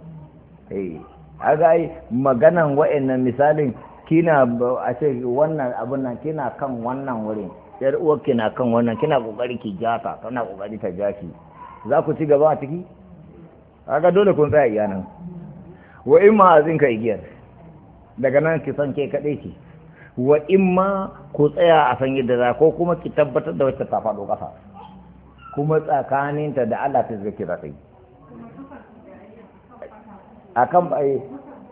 eh aga ai maganan wa'annan misalin kina a ce wannan abun nan kina kan wannan wurin yar uwar kina kan wannan kina kokari ki jata kana kokari ta jaki za ku ci gaba a ciki kaga dole kun tsaya iya wa in ma azin ka igiyar daga nan ki san ke kaɗai ki wa in ma ku tsaya a san yadda za ko kuma ki tabbatar da wacce ta faɗo ƙasa kuma tsakaninta da Allah ta zai kira ta yi bai eh,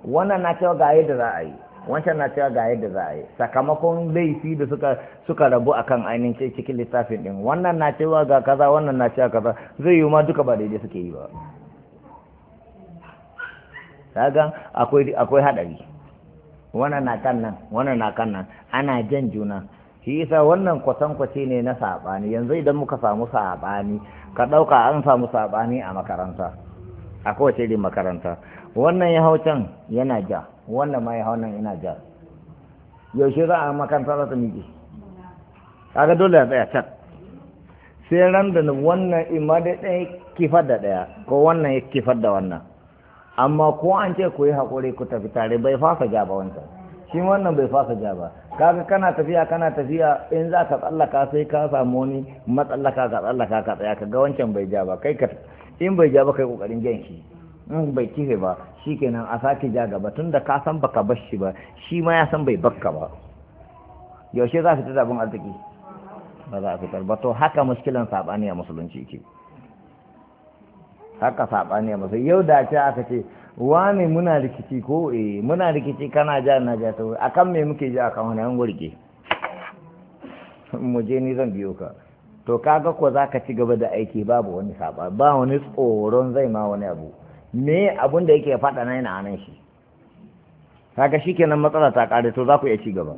wannan na cewa ga yadda za a yi wancan na cewa ga yadda za a yi sakamakon laifi da suka suka rabu akan ainihin cikin littafin din wannan na cewa ga kaza wannan na cewa kaza zai yi ma duka ba daidai suke yi ba kaga akwai akwai hadari wannan na kan nan wannan na kan nan ana jan juna shi yasa wannan kwatankwace ne na saɓani yanzu idan muka samu saɓani ka ɗauka an samu saɓani a makaranta a kowace irin makaranta wannan ya hau can yana ja wannan ma ya hau nan yana ja yaushe za a makaranta za ta miƙe kaga dole ya tsaya can sai ran da wannan imma da ɗaya kifar da ɗaya ko wannan ya kifar da wannan amma ko an ce ku yi haƙuri ku tafi tare bai fasa ja ba wancan shi wannan bai fasa ja ba kaga kana tafiya kana tafiya in za ka tsallaka sai ka samu wani matsallaka ka tsallaka ka tsaya ka ga wancan bai ja ba kai ka in bai ja ba kai kokarin jan shi in bai kife ba shi kenan a sake ja gaba tunda ka san baka bar shi ba shi ma ya san bai bakka ba yaushe za ka ci zabin arziki ba za a fitar to haka muskilan saɓani musulunci ke haka saɓani musulunci yau da ce aka ce wane muna rikici ko eh muna rikici kana ja na ja to akan me muke ji akan wani gurge mu je ni zan biyo ka to kaga ko zaka ci gaba da aiki babu wani saba ba wani tsoron zai ma wani abu me abun da yake faɗa na yana anan shi kaga shikenan matsala ta kare to za ku iya ci gaba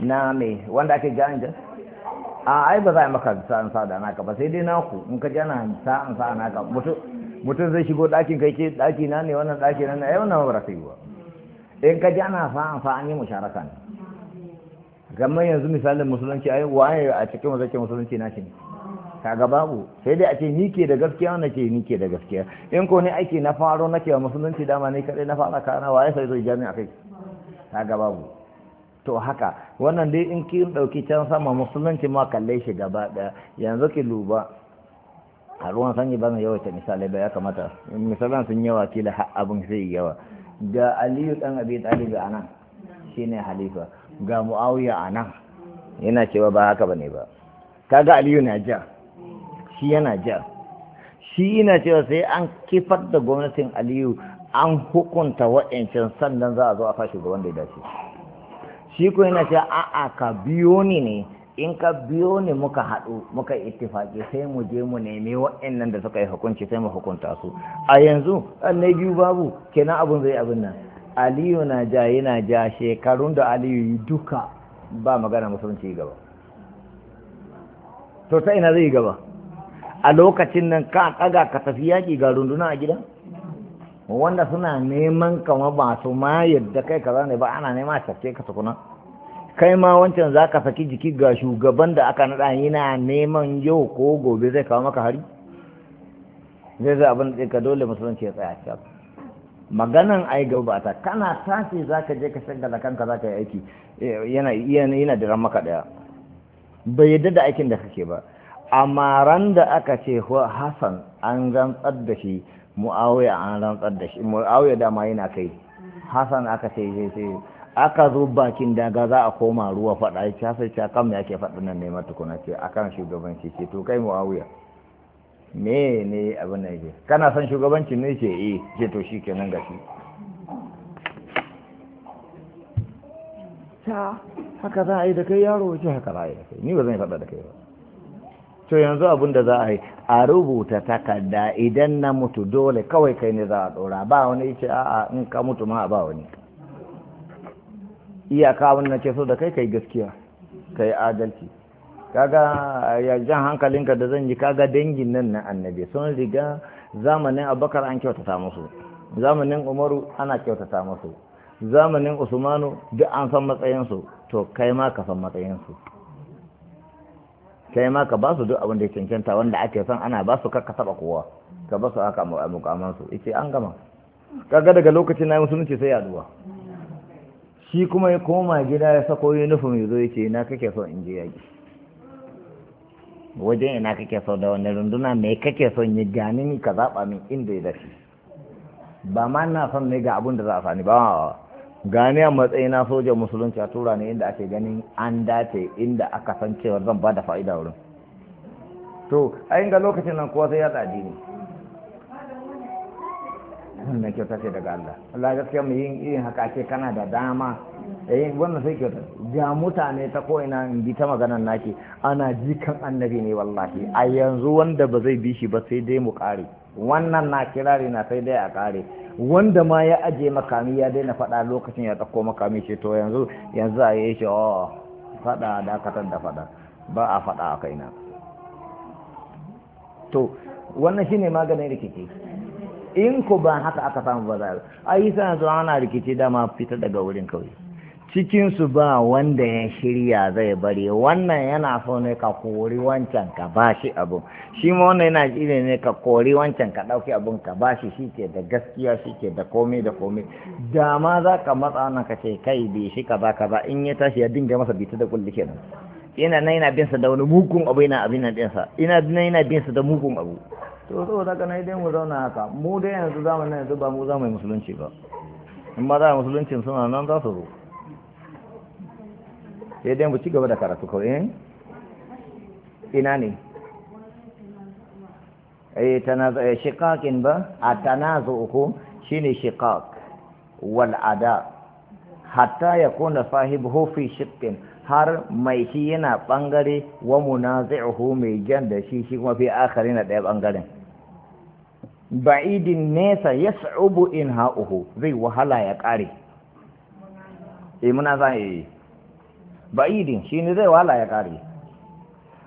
na me wanda ake ja a ai ba za a maka sa'an sa da naka ba sai dai naku in ka jana sa'an sa naka mutum zai shigo ɗakin kai ke ɗaki na ne wannan ɗaki na ne ai wannan ba yi ba in ka jana sa'an sa an yi musharaka ne kamar yanzu misalin musulunci ai waye a cikin wazake musulunci na shi kaga babu sai dai a ce ni ke da gaskiya wanda ke ni ke da gaskiya in ko ne aiki na faro na wa musulunci dama ne kaɗai na fara kana waye sai zai jami'a kai kaga babu to haka wannan dai in kin ɗauki can sama musulunci ma kalle shi gaba daya yanzu ki luba a ruwan sanyi ba zan yawaita misalai ba ya kamata misalan sun yawa kila abin zai yawa ga aliyu ɗan abi ɗalibi a nan shi ne halifa ga mu'awiya a nan yana cewa ba haka ba ne ba kaga aliyu na ja shi yana ja shi yana cewa sai an kifar da gwamnatin aliyu an hukunta wa'ancan sannan za a zo a fashi ga wanda ya dace shi ko yana cewa a'a ka biyo ni ne in ka biyo ni muka haɗu muka ittifaki sai mu je mu nemi waɗannan da suka yi hukunci sai mu hukunta su a yanzu na biyu babu kenan abun zai abin nan aliyu na ja yana ja shekarun da aliyu yi duka ba magana musulunci gaba to ta ina zai gaba a lokacin nan ka ɗaga ka tafi yaƙi ga runduna a gida wanda suna neman kama ba su ma yadda kai kaza ne ba ana neman a ka tukuna kai ma wancan za ka saki jiki ga shugaban da aka naɗa yana neman yau ko gobe zai kawo maka hari zai zai abin da ka dole musulunci ya tsaya cikin maganan ai gabata kana tashi za ka je ka shagala kanka za ka yi aiki eh, yana da ran maka daya bai yadda da aikin da kake ba amma ran da aka ce Hassan an rantsar da shi mu'awiya an rantsar da shi mu'awiya dama yana kai Hassan aka ce sai sai aka zo bakin daga za a koma ruwa faɗa ya cafe cakam ya ke faɗi nan neman tukuna ce kan shugabanci ce to kai muawiya me ne abin da ke kana son shugabanci ne ce eh ce to shi kenan gashi ta haka za a yi da kai yaro ce haka za a yi da kai ni ba zan faɗa da kai ba to yanzu abin da za a yi a rubuta takarda idan na mutu dole kawai kai ne za a ɗora ba wani ce a'a in ka mutu ma ba wani iyaka abin da ke so da kai kai gaskiya kai adalci kaga ya jan hankalinka da zan yi kaga dangin nan na annabi sun riga zamanin abakar an kyautata musu zamanin umaru ana kyautata musu zamanin usmanu duk an san matsayinsu to kai ma ka san matsayinsu kai ma ka ba su duk abin da ya cancanta wanda ake son ana ba su kakka taba kowa ka ba su haka mukamansu ice an gama kaga daga lokacin na musulunci sai yaduwa shi kuma ya koma gida ya sako yunifom ya zo ya ce ina kake so in je yaƙi wajen ina kake so da wani runduna mai kake son ya gani ni ka zaɓa min inda ya dafi ba ma na son ne ga abin da za a sani ba gani a matsayina sojan musulunci a tura ne inda ake ganin an dace inda aka san cewa zan ba da fa'ida wurin to ayin ga lokacin nan kowa sai ya tsaji ne wannan kyauta ce daga Allah Allah gaskiya mu yin irin haka ce kana da dama eh wannan sai kyauta ga mutane ta ko ina in bi ta maganar naki ana jikan annabi ne wallahi a yanzu wanda ba zai bi shi ba sai dai mu kare wannan na kirari na sai dai a kare wanda ma ya aje makami ya daina faɗa lokacin ya dauko makami ce to yanzu yanzu a yi shi oh faɗa dakatar da faɗa ba a faɗa a kaina to wannan shine maganin rikici in ku ba haka aka samu ba za a yi sana zuwa ana rikici dama fita daga wurin kawai cikinsu ba wanda ya shirya zai bari wannan yana so ne ka kori wancan ka ba shi abu shi ma wannan yana shirya ne ka kori wancan ka ɗauki abun ka ba shi shi ke da gaskiya shi ke da komai da komai da ma za ka matsa nan ka ce kai bai shi ka ba ka ba in ya tashi ya dinga masa bita da kulli kenan ina nan yana bin sa da wani mugun abu yana abin nan ɗinsa ina nan yana bin sa da mugun abu to so haka kana idan mu zauna haka mu dai yanzu zamanin yanzu ba mu za musulunci ba in ma za a musuluncin suna nan za su zo sai dai mu ci gaba da karatu kawai eh? ina ne ai eh, tanazu eh, shiqaqin ba atanazu uku shine shiqaq wal ada hatta ya yakuna fahibuhu fi shiqqin har mai shi yana bangare wa munazi'uhu mai jan da shi shi kuma fi akharin da daya bangaren ba'idin nesa ya sa'ubu in ha'uhu zai wahala ya ƙare eh muna za a yi ba'idin shi ne zai wahala ya ƙare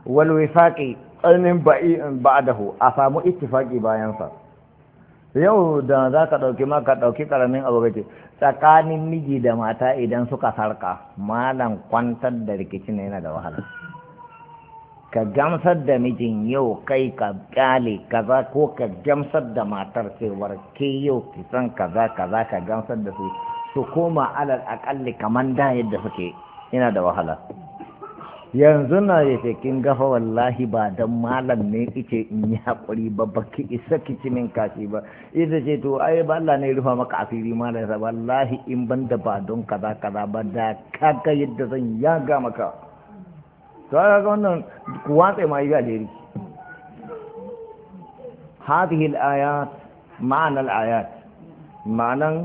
walwifaƙi tsanin ba'adahu a samu ittifaƙi bayansa yau da za ka ɗauki maka ɗauki ƙaramin abu tsakanin miji da mata idan suka sarka malam kwantar da rikici ne yana da wahala ka gamsar da mijin yau kai ka kyale kaza ko ka gamsar da matar cewar ke yau ki san kaza kaza ka gamsar da su su koma alal akalli kaman da yadda suke ina da wahala yanzu na da kin gafa wallahi ba dan malam ne ice in yi hakuri ba baki isa kici min kashi ba ita ce to ai ba Allah ne rufa maka asiri malam wallahi in banda ba don kaza kaza ba da kaga yadda zan yaga maka to ya ga wannan ku watsa ma yi gajeri hadhihi al-ayat ma'ana al-ayat ma'anan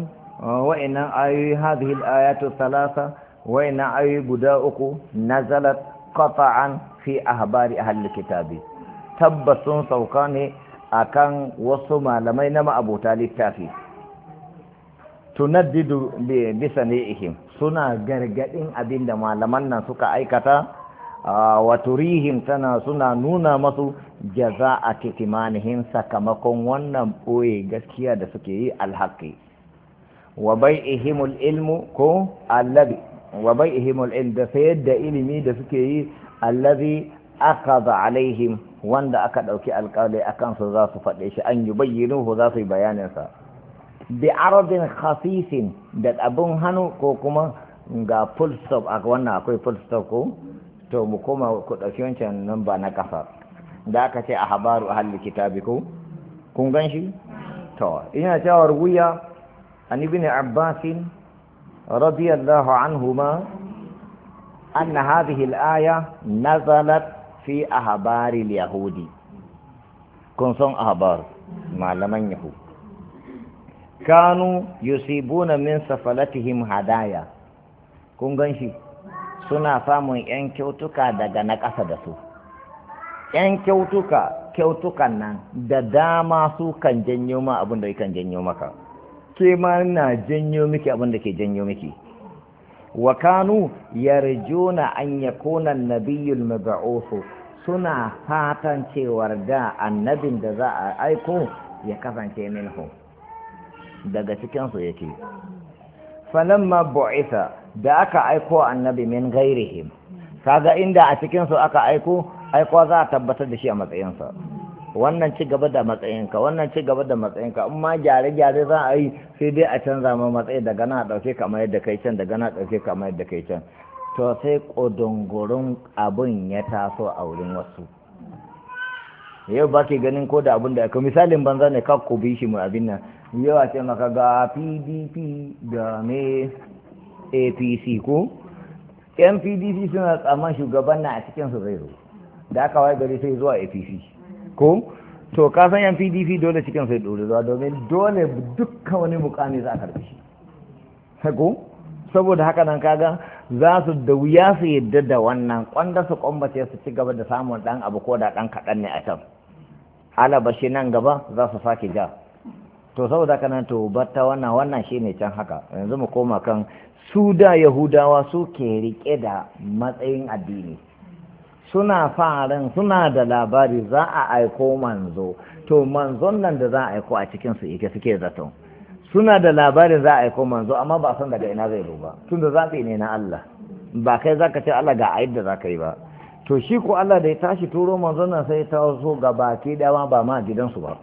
uh, wa'annan ayoyi hadhihi al-ayatu thalatha wa'annan ayoyi guda uku nazalat qata'an fi ahbari ahli kitabi tabbas sun sauka ne akan wasu malamai na ma'abuta littafi tunaddidu ne sani'ihim suna gargadin abinda malaman nan suka aikata waturihim tana suna nuna masu jaza a kitimanihim sakamakon wannan ɓoye gaskiya da suke yi alhaƙi wa ihimul ilmu ko allabi wa ihimul ilmu da sayar da ilimi da suke yi allabi aka alaihim wanda aka ɗauki alƙalai a kansu za su faɗe shi an yi ko za su yi bayaninsa bi arabin khasisin da abin hannu ko kuma ga full stop a wannan akwai full stop ko to mu koma ku ɗauki wancan nan ba na ƙasa da aka ce a habaru a halin kitabi ko kun gan shi to ina cewa ruwiya an ibn abbas radiyallahu anhuma anna hadhihi al-aya nazalat fi ahbari al-yahudi kun san ahbar malaman yahu kanu yusibuna min safalatihim hadaya kun gan shi suna samun 'yan kyautuka daga na ƙasa da su 'yan kyautuka kyautukan nan da dama su kan janyo ma abin da kan janyo maka ke ma na janyo miki abin da ke janyo miki wa kanu yarjuna an yakuna nabiyul mab'uth suna fatan cewar da annabin da za a aiko ya kasance minhu daga cikinsu yake falamma bu'itha da aka aiko annabi min ghairihim kaga inda a cikin su aka aiko aiko za a tabbatar da shi a matsayinsa wannan ci gaba da matsayinka wannan ci gaba da matsayinka in ma gyare-gyare za a yi sai dai a canza ma matsayi daga na ɗauke kamar yadda kai can daga na ɗauke kamar yadda kai can to sai ƙodongoron abun ya taso a wurin wasu yau ba ke ganin ko da abin da aka misalin banza ne kakko bi shi mu abin nan yau a ce maka ga pdp ga me apc ko yan pdp suna tsaman shugaban na a cikinsu zai zo da aka waye gari sai zuwa apc ko to ka san yan pdp dole cikin sai dole zuwa domin dole duka wani mukami za a karbi shi ko saboda haka nan kaga za su da wuya su yadda da wannan kwanda su kwambace su ci gaba da samun dan abu ko da dan kaɗan ne a can alaba shi nan gaba za su sake ja to saboda haka nan to batta wannan wannan shine can haka yanzu mu koma kan su da yahudawa suke rike da matsayin addini suna faran suna da labari za a aiko manzo to manzon nan da za a aiko a cikinsu ike suke zato suna da labari za a aiko manzo amma ba san daga ina zai zo ba tun da zaɓi ne na Allah ba kai za ka ce Allah ga ayyar da za ka yi ba to shi ko Allah da ya tashi turo manzon nan sai ta so ga baki dama ba ma gidansu ba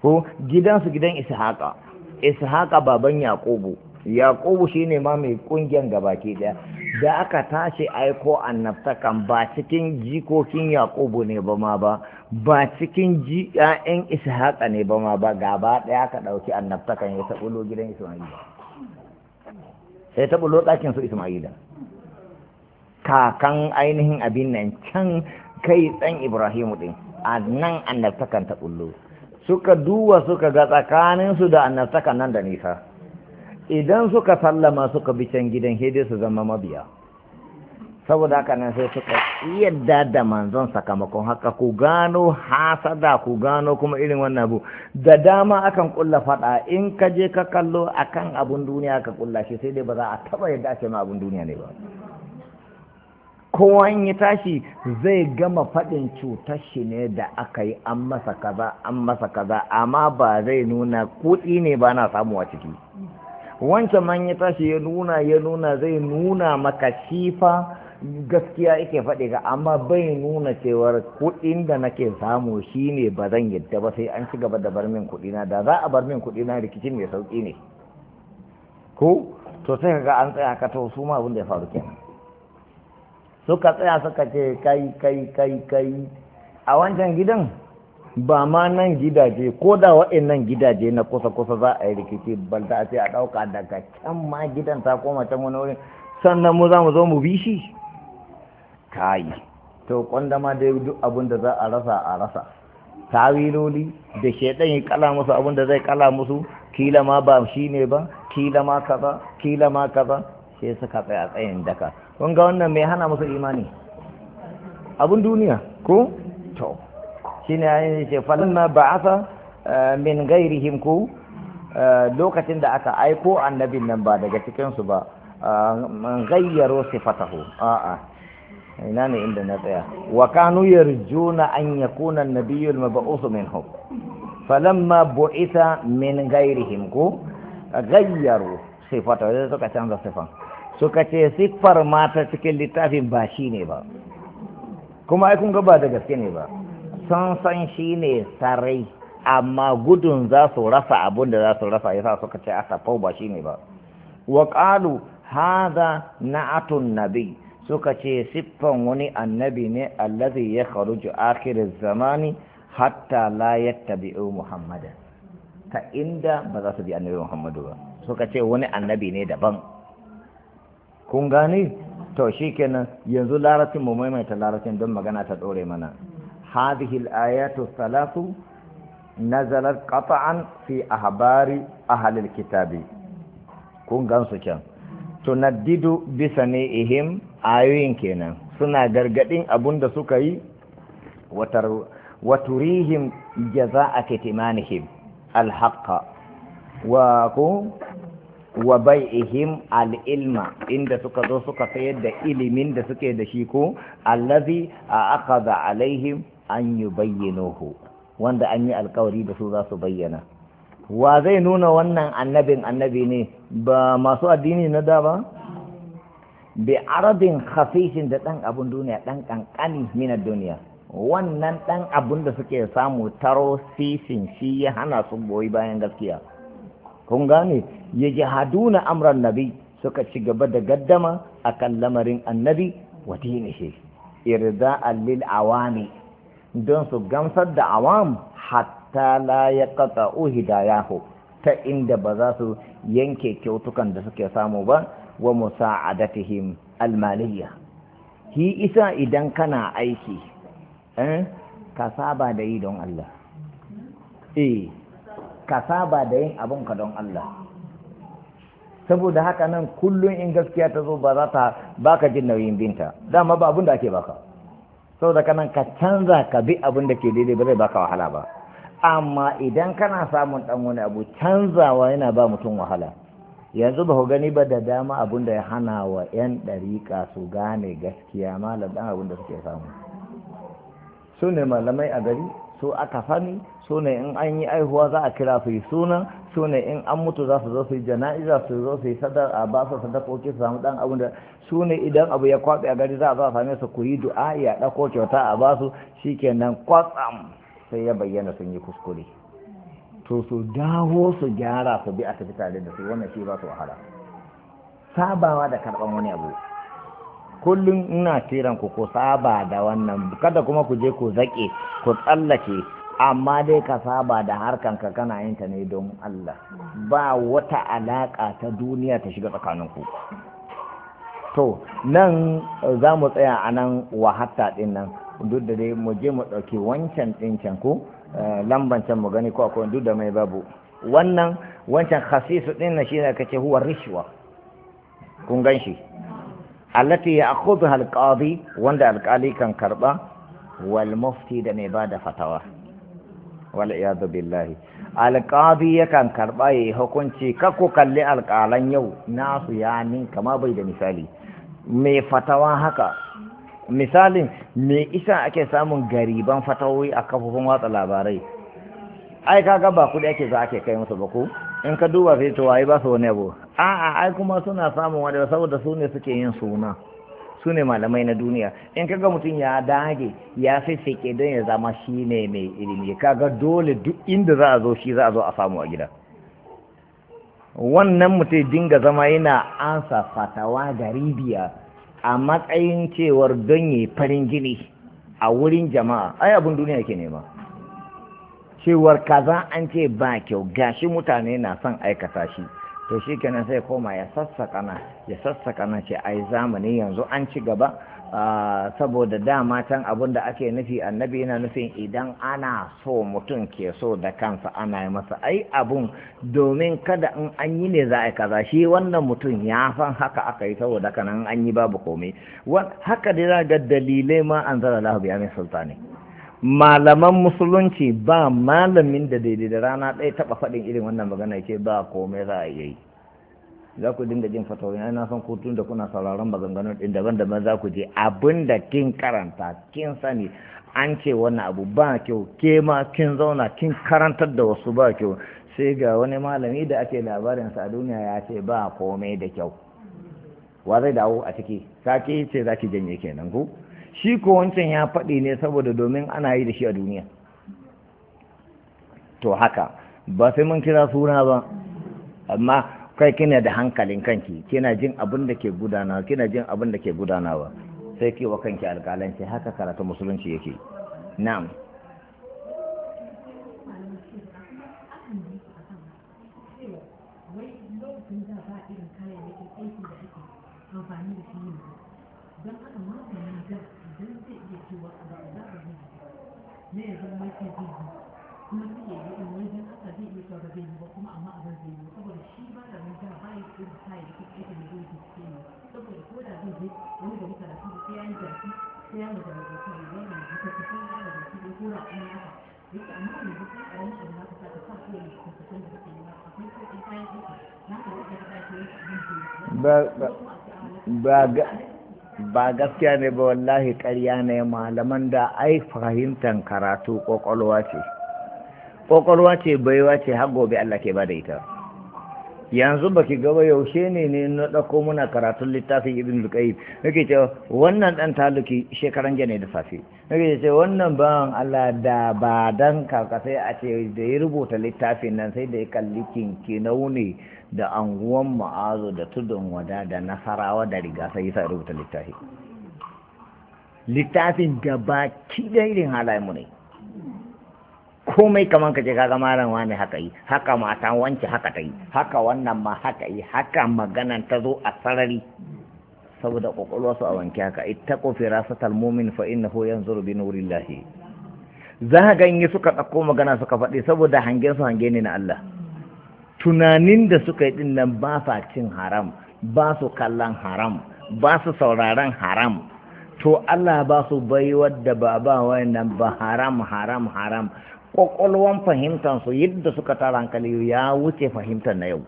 ko gidansu gidan ishaqa ishaqa baban yakubu yaƙubu shine ne ma mai ƙungiyar gabaki ɗaya da aka tashi aiko annabtakan ba cikin jikokin yaƙubu ne ba ma ba ba cikin ji'ya'yan ishaƙa ne ba ma ba gaba ɗaya aka ɗauki annabtakan ya taɓulo gidan isma'ila sai taɓulo ɗakin su isma'ila kakan ainihin abin nan can kai ɗan ibrahimu ɗin a nan annabtakan taɓulo suka duwa suka ga tsakaninsu da annabtakan nan da nisa idan suka sallama suka bi can gidan hede su zama mabiya saboda haka nan sai suka yadda da manzon sakamakon haka ku gano hasada ku gano kuma irin wannan abu da dama akan kulla fada in ka je ka kallo akan abun duniya ka kulla shi sai dai ba za a taba yadda ce ma abun duniya ne ba kowa in ya tashi zai gama faɗin cutar shi ne da aka yi an masa kaza an masa kaza amma ba zai nuna kuɗi ne ba na samuwa ciki wancan man ya tashi ya nuna ya nuna zai nuna maka shifa gaskiya yake faɗi ga amma bai nuna cewar kuɗin da nake samu shi ne ba zan yadda ba sai an ci gaba da bar min kuɗina da za a bar min kuɗina rikicin mai sauƙi ne ko to sai ga an tsaya ka to su ma abin da ya faru kenan suka tsaya suka ce kai kai kai kai a wancan gidan ba ma nan gidaje ko da waɗannan gidaje na kusa-kusa za a yi rikici balta a ce a ɗauka daga can ma gidan ta koma can wani wurin sannan mu za mu zo mu bi shi kayi to kwanda ma dai duk abin da za a rasa a rasa tawiloli da shaidan yi kala musu abin da zai kala musu kila ma ba shi ne ba kila ma kaza kila ma kaza sai suka tsaya tsayin daka kun ga wannan mai hana musu imani abin duniya ko to shine ayin ce falamma ba'atha eh, min ghairihim ku eh, lokacin da aka aiko annabin nan ba daga cikin su ba eh, ghayyaro sifatahu a'a ina ne inda na tsaya wa kanu yarjuna an yakuna an-nabiyyu al-mab'uth minhum falamma bu'itha min ghairihim ku gayyaru sifata da suka canza sifan suka ce siffar mata cikin littafin ba shi ne ba kuma ai kun ga ba da gaske ne ba sun san shi ne sarai amma gudun za su rasa abun da za su rasa yasa suka ce a ah, safau ba shi ne ba wa ƙalu haza na'atun nabi suka ce siffan wani annabi ne allazi ya kharuju akhirin zamani hatta la yattabi'u muhammadan ta inda ba za su bi annabi muhammadu ba suka ce wani annabi ne daban kun gane to shikenan yanzu larabcin mu maimaita larabcin don magana ta dore mana هذه الآيات الثلاث نزلت قطعا في أخبار أهل الكتاب kun gansu can tunaddidu bisa ne ihim ayoyin kenan suna gargadin abun da suka yi waturihim jaza a kitimanihim alhaqa wa ku wa bai'ihim al'ilma inda suka zo suka sayar da ilimin da suke da shi ko allazi a aqada alaihim an yi bayyanohu wanda an yi alkawari da su za su bayyana wa zai nuna wannan annabin annabi ne ba masu addini na da ba bi arabin khafifin da dan abun duniya dan kankani mina duniya wannan dan abun da suke samu taro sisin shi ya hana su goyi bayan gaskiya kun gane ya jihaduna amran nabi suka ci gaba da gaddama akan lamarin annabi wa dinihi irda'an lil awami don su gamsar da awam hatta la ya kata hidayahu ta inda ba za su yanke kyautukan da suke samu ba wa musa'adatihim almaliyya hi isa idan kana aiki eh, ka saba da yi don Allah eh ka saba da yin abin ka don Allah saboda haka nan kullum in gaskiya ta zo ba za ta baka jin nauyin binta dama ba abin da ake baka da kanan ka canza ka bi abin da ke daidai ba zai baka wahala ba amma idan kana samun dan wani abu canzawa yana ba mutum wahala yanzu ba ku gani ba da dama abin da ya hana wa 'yan ɗariƙa su gane gaskiya malam dan abin da suke samu su ne malamai a gari su aka fani su ne in an yi aihuwa za a kira su yi sunan su ne in an mutu za su zo su yi jana'iza su zo su yi sadar a ba su sadakoki su samu dan abin da su ne idan abu ya kwatsa a gari za a zo a same su ku yi du'a ya dako kyauta a ba su shikenan kwatsam sai ya bayyana sun yi kuskure to su dawo su gyara su bi a tafi tare da su wannan shi ba su wahala sabawa da karban wani abu kullum ina kiran ku ku saba da wannan kada kuma ku je ku zaƙe ku tsallake amma dai ka saba da harkanka kana yin ta ne don Allah ba wata alaƙa ta duniya ta shiga tsakaninku to nan za mu tsaya a nan hatta ɗin nan duk da dai mu je mu ɗauki wancan ɗincan ku eh, lamban can mu gani ko akwai duk da mai babu wannan wancan khasisu ɗin na shine kace huwa rishwa kun gan shi allati ya'khudha al wanda alƙali kan karba wal mufti da mai da fatawa wal iyadu billahi alqadi yakan karba yi hukunci ka ku kalli alqalan yau nasu ya kama bai da misali me fatawa haka misalin me isa ake samun gariban fatawoyi a kafofin watsa labarai ai kaga ba kudi ake za ake kai musu ba ko in ka duba sai to ai ba su wani abu a'a ai kuma suna samun wani saboda su ne suke yin suna su ne malamai na duniya in kaga mutum ya dage ya fifike don ya zama shi ne mai ilimi kaga dole duk inda za a zo shi za a zo a samu a gida wannan mutum dinga zama yana ansa fatawa garibiya a matsayin cewar don yi farin gini a wurin jama'a ai abin duniya ke nema cewar kaza an ce ba kyau gashi mutane na son aikata shi to shi kenan sai koma ya sassaka na ya sassaka na ce ai zamani yanzu an ci gaba saboda dama can abin da ake nufi annabi yana nufin idan ana so mutum ke so da kansa ana yi masa ai abun domin kada in an yi ne za a kaza shi wannan mutum ya san haka aka yi saboda kanan an yi babu komai haka dai za ga dalilai ma an zara lahabu ya mai sultani malaman musulunci ba malamin da daidai da rana ɗaya taɓa faɗin irin wannan magana ce ba komai za a yi za ku dinga jin fatawa yana na san tun da kuna sauraron maganganun ɗin daban-daban za ku je abin da kin karanta kin sani an ce wannan abu ba kyau ke ma kin zauna kin karantar da wasu ba kyau sai ga wani malami da ake labarinsa a duniya ya ce ba komai da kyau wa zai dawo a ciki sake ce za ki janye kenan ku shi ko wancan ya faɗi ne saboda domin ana yi da shi a duniya to haka ba sai mun kira suna ba amma kai kina da hankalin kanki kina jin abin da ke gudanawa kina jin abin da ke gudanawa sai ke wa kanki alƙalanci haka karatu musulunci yake na'am ce zai kuma sai ya yi haka zai iya zai yi ba kuma amma abin zai yi saboda shi ba da mun jira bayan su da sa zai ne saboda ko da zai je wani sai ya yi jarki sai ya mu da da kuma ya da haka yake amma a wani shi na kusa ta sa ko ya yi kusurtun da suke yi ba kayan na da ba ba ba gaskiya ne ba wallahi ƙarya ne malaman da ai fahimtar karatu ƙwaƙwalwa ce ƙwaƙwalwa ce baiwa ce har gobe Allah ke ba da ita yanzu baki gaba yaushe ne ne na ɗauko muna karatun littafin ibn lukai nake cewa wannan ɗan taluki shekaran gane da safe nake ce wannan bawan Allah da ba dan karkasai a ce da ya rubuta littafin nan sai da ya kalli kinki na da anguwan muazu da tudun wada da nasarawa da riga sai yasa rubuta littafi littafin ba ki da irin halayen mu ne komai kaman ka je kaga malam wani haka yi haka mata wanke haka ta yi haka wannan ma haka yi haka maganan ta zo a sarari saboda kokolwa su a wanke haka ittaqu firasatal mu'min fa innahu yanzuru bi nurillahi za ga in suka ɗauko magana suka faɗi saboda hangen su hange ne na Allah tunanin da suka yi dinnan ba sa cin haram ba su kallon haram ba su sauraron haram to Allah ba su baiwar da ba ba wayannan ba haram haram haram ƙwaƙwalwan fahimtar su yadda suka tara hankali ya wuce fahimtar na yau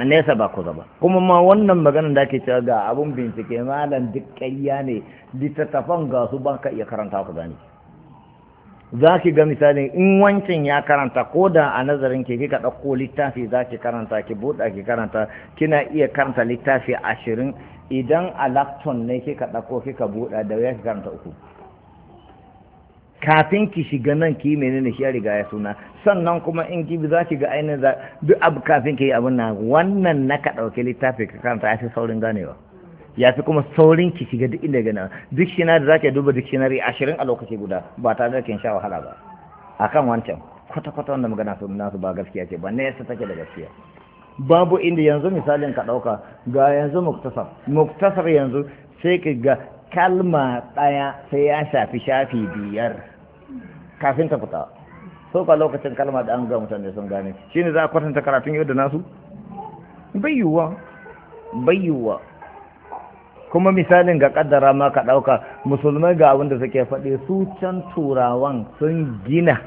na nesa ba ku zaba kuma ma wannan maganar da ake cewa ga abun bincike malam duk ƙayya ne littattafan ga su ba ka iya karanta ku gani za ki ga misali in wancan ya karanta ko da a nazarin ki kika ɗauko littafi za ki karanta ki buɗa ki karanta kina iya karanta littafi ashirin idan a lakton ne kika ɗauko kika buɗa da ya ki karanta uku kafin ki shiga nan ki yi menene shi ya riga ya suna sannan kuma in ki za ki ga ainihin duk abu kafin ki yi abin nan wannan na ka ɗauki littafi ka karanta ya fi saurin ganewa ya fi kuma saurin ki shiga duk inda gana duk shi da zaka duba duk shi ashirin a lokaci guda ba ta da kin sha wahala ba akan wancan kwata-kwata wanda magana na nasu ba gaskiya ce ba ne nesa take da gaskiya babu inda yanzu misalin ka ɗauka ga yanzu muktasar muktasar yanzu sai ka ga kalma ɗaya sai ya shafi shafi biyar kafin ta fita so ka lokacin kalma da an ga mutane sun gane shine za a kwatanta karatun yau da nasu bai yiwuwa kuma misalin ga kaddara ma ka ɗauka musulmai ga abin da suke faɗi su can turawan sun gina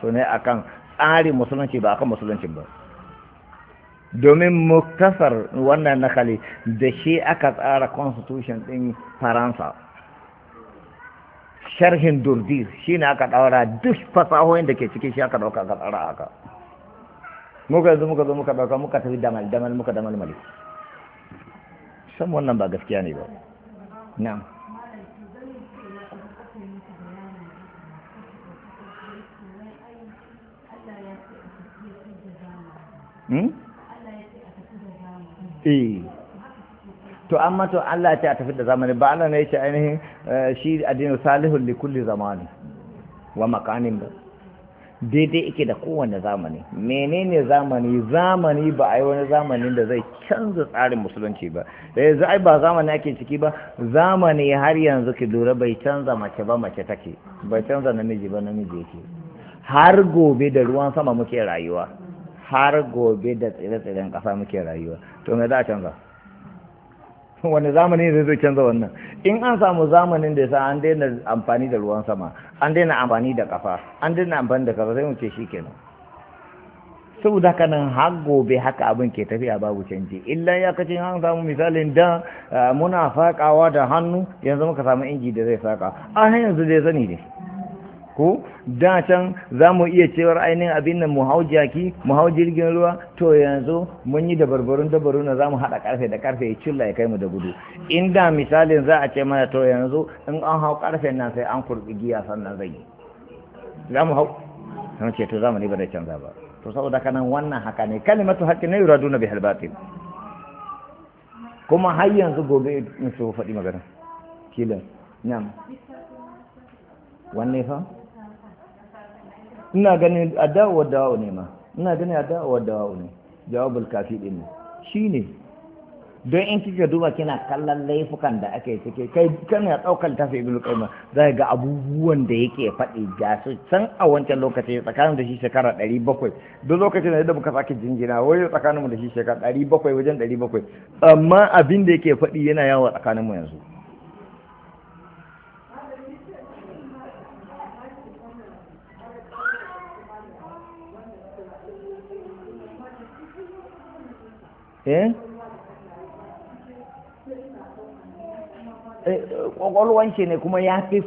su ne akan tsarin musulunci ba akan musulunci ba domin muktasar wannan nakali da shi aka tsara constitution din faransa sharhin durdi shi ne aka ɗaura duk fasahohin da ke ciki shi aka ɗauka aka tsara haka muka yanzu muka zo muka ɗauka muka tafi damal damal muka damal malik san wannan ba gaskiya ne ba na'am Eh. To amma to Allah ce a tafi da zamani ba Allah ne ya ce ainihin shi addinu salihun li kulli zamani wa makanin ba. daidai yake da kowane zamani menene zamani zamani ba a yi wani zamanin da zai canza tsarin musulunci ba da yanzu ai ba zamani ake ciki ba zamani har yanzu ki lura bai canza mace ba mace take bai canza namiji ba namiji yake har gobe da ruwan sama muke rayuwa har gobe da tsire-tsiren ƙasa muke rayuwa to me za a canza wani zamani zai zai canza wannan in an samu zamanin da ya sa an daina amfani da ruwan sama an daina amfani da kafa an daina amfani da kafa sai mu ce kenan saboda haka nan har gobe haka abin ke tafiya babu canji illa ya kace an samu misalin da eh, muna fakawa da hannu yanzu muka samu inji da zai saka a yanzu dai sani ne ko da can za mu iya cewar ainihin abin nan mu hau jaki mu hau jirgin ruwa to yanzu mun yi dabarbarun dabaru na za mu haɗa karfe da karfe ya cilla ya kai mu da gudu inda misalin za a ce mana to yanzu in an hau karfe nan sai an kurɓi giya sannan zai yi za mu hau sun ce to za zamani ba da canza ba to saboda kanan wannan haka ne kalimatu haƙƙi na duna bi batil kuma har yanzu gobe in so faɗi magana kila na'am wanne fa ina ganin adawar wa da'u ne ma ina ganin adawar wa da'u ne jawabul kafi din ne shine don in kika duba kina kallon laifukan da ake cike kai kana daukar tafi ibn qayyim za ga abubuwan da yake faɗi ga su san a wancan lokaci tsakanin da shi shekara 700 duk lokacin da muka sake jinjina wai tsakaninmu da shi shekara 700 wajen 700 amma abin da yake faɗi yana yawa tsakaninmu yanzu eh kwakwalwan eh, shi ne kuma ya fi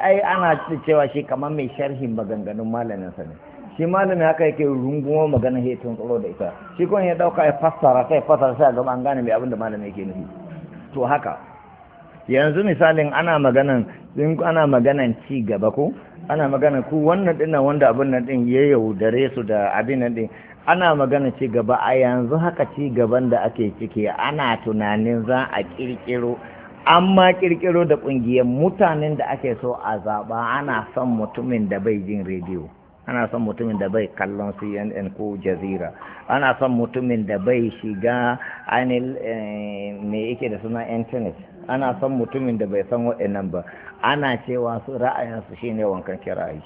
ai ana cewa shi kamar mai sharhin maganganun malamin sa ne shi malami haka yake rungumo magana ya tsoro da ita shi kuma ya dauka ya fassara sai fassara sai gaba an gane mai abin da malami yake nufi to haka yanzu misalin ana maganan in ana maganan ci gaba ko ana maganan ku wannan dinnan wanda abin nan din ya yaudare su da abin nan din ana magana ci gaba a yanzu haka ci gaban da ake ciki ana tunanin za a kirkiro amma kirkiro da kungiyar mutanen da ake so a zaba ana son mutumin da bai jin rediyo ana son mutumin da bai kallon cnn ko jazira ana son mutumin da bai shiga anil eh, me yake da suna internet ana son mutumin da bai san waɗannan ba ana cewa su ra'ayinsu shine wankan kirayi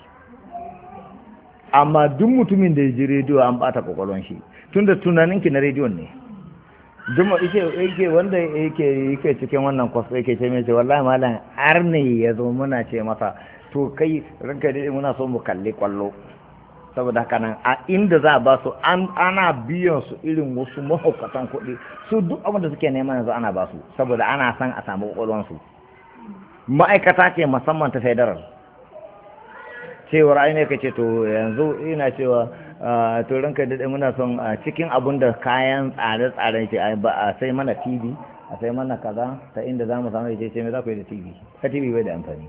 amma duk mutumin da ya ji rediyo an bata kwakwalwan shi tunda tunaninki na rediyon ne duma ike ike wanda yake yake cikin wannan kwaso yake ce mai ce wallahi malam arne ya zo muna ce masa to kai ranka dai muna so mu kalli kwallo saboda haka nan a inda za a ba su ana biyan su irin wasu mahaukatan kuɗi su duk abin suke neman yanzu ana ba su saboda ana san a samu kwakwalwan su ma'aikata ke musamman ta federal cewar ainihin ka ce to yanzu ina cewa ah, to ka daɗe muna son ah, cikin abun da kayan tsare-tsaren ce ba a sai mana tv a sai mana kaza ta inda za mu samu ya ce me za ku yi da tv ta tv bai da amfani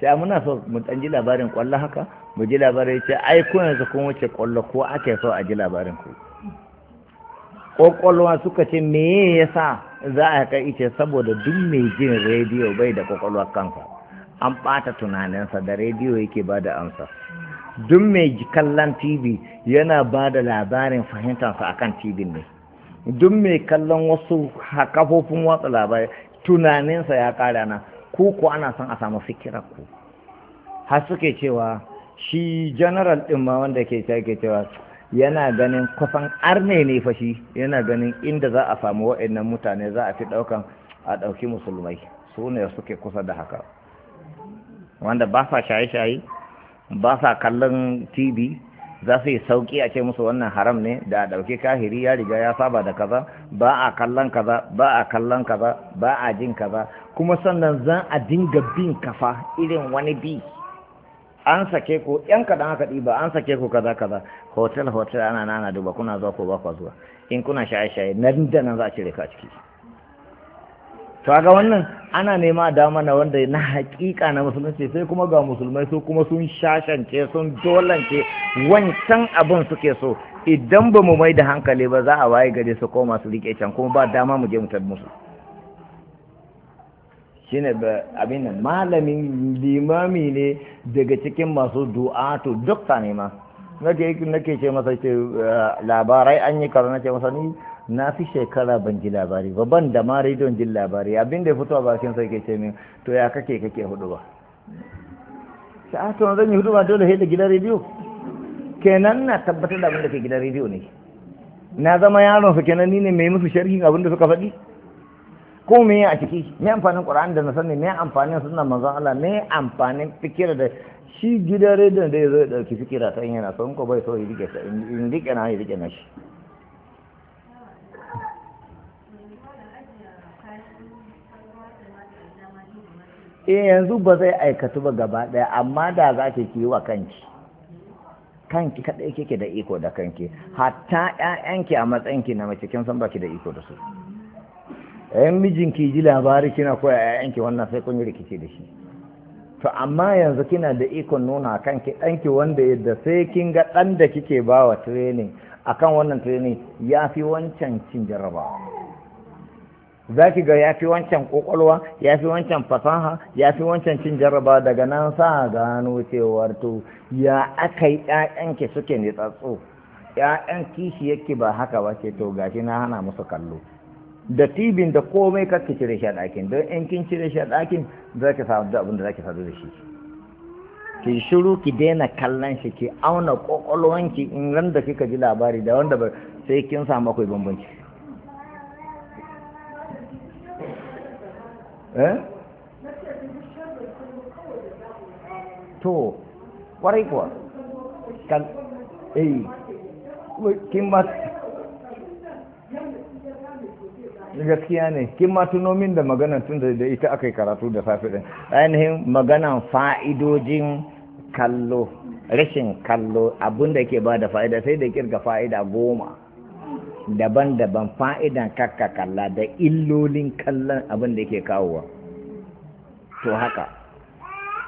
sai muna so mu ɗan ji labarin kwallo haka mu ji labarin ce ai ko yanzu kun wuce kwallo ko ake so a ji labarin ku Ƙwaƙwalwa suka ce me yasa za a kai ice saboda duk mai jin rediyo bai da kwakwalwa kansa an ɓata tunaninsa da rediyo yake ba da amsa duk mai kallon tv yana ba da labarin fahimtarsa a kan tv ne duk mai kallon wasu kafofin watsa labarai tunaninsa ya ƙara na ku ku ana son a samu fikirar ku har suke cewa shi general ɗin ma wanda ke cewa yana ganin kusan arne ne fashi yana ganin inda za a samu wa'annan mutane za a fi ɗaukan a ɗauki musulmai su ne suke kusa da haka wanda ba sa shaye-shaye ba sa kallon tv za su yi sauki a ce musu wannan haram ne da a ɗauki kahiri ya riga ya saba da kaza ba a kallon kaza ba a kallon kaza ba a jin kaza kuma sannan za a dinga bin kafa irin wani bi an sake ku yan kaɗan haka ɗiba an sake ku kaza kaza hotel hotel ana nana duba kuna zuwa ko ba zuwa in kuna shaye-shaye nan da nan za a cire ka ciki to ga wannan ana nema dama na wanda na hakika na musulunci sai kuma ga musulmai su kuma sun shashance sun dolance wancan abin suke so idan ba mu mai da hankali ba za a waye gare su koma su rike can kuma ba dama mu je mu tabbi musu shine abin nan malamin limami ne daga cikin masu du'atu dokta ne ma nake nake ce masa ce eh, labarai an yi karo nake masa ni na fi shekara ban ji labari ba ban da ma rediyon jin labari abin da ya fito a bakin sai ke ce min to ya kake kake hudu ba sai a ah, to zan yi hudu ba dole sai da gidan rediyo kenan na tabbatar da abin da ke gidan rediyo ne na zama yaron su kenan ni ne mai musu sharhin abin da suka faɗi ko me a ciki me amfanin qur'ani da na sani me amfanin sunnan manzon Allah me amfanin fikira da shi gidan rediyon da ya zo ya ɗauki fikira ta yana son ko bai so rike ta in rike na yi rike na shi in eh, yanzu ba zai aikatu ba gaba ɗaya amma da za ki yi wa kanki kanki kaɗai kike da iko da kanki hatta ƴaƴanki a matsayinki na mace kin san baki da iko da su ƴan mijinki ji labari kina koya ƴaƴanki wannan sai kun yi rikici da shi to amma yanzu kina da ikon nuna kan ki danki wanda yadda sai kin ga ɗan da kike ba wa training akan wannan training ya fi wancan cin jaraba. za ki ga ya fi wancan ƙwaƙwalwa ya fi wancan fasaha ya fi wancan cin jarabawa daga nan sa gano cewar to ya aka yi ‘ya'yanki suke ne tsatso ‘ya'yan kishi yake ba haka ba ce to gashi na hana musu kallo da tibin da komai kar ki cire shi a ɗakin don in kin cire shi a ɗakin za ki samu abin da za ki faru da shi ki shiru ki daina kallon shi ki auna ƙwaƙwalwanki in ran da kika ji labari da wanda ba sai kin samu akwai bambanci eh? to kwarai kuwa kan eh kin ba gaskiya ne kin ma min da magana tun da ita aka yi karatu da safe din ainihin maganan fa'idojin kallo rashin kallo abin da ke ba da fa'ida sai da kirga fa'ida goma daban-daban fa'idan kakka kalla da illolin kallon abin da ke kawowa to haka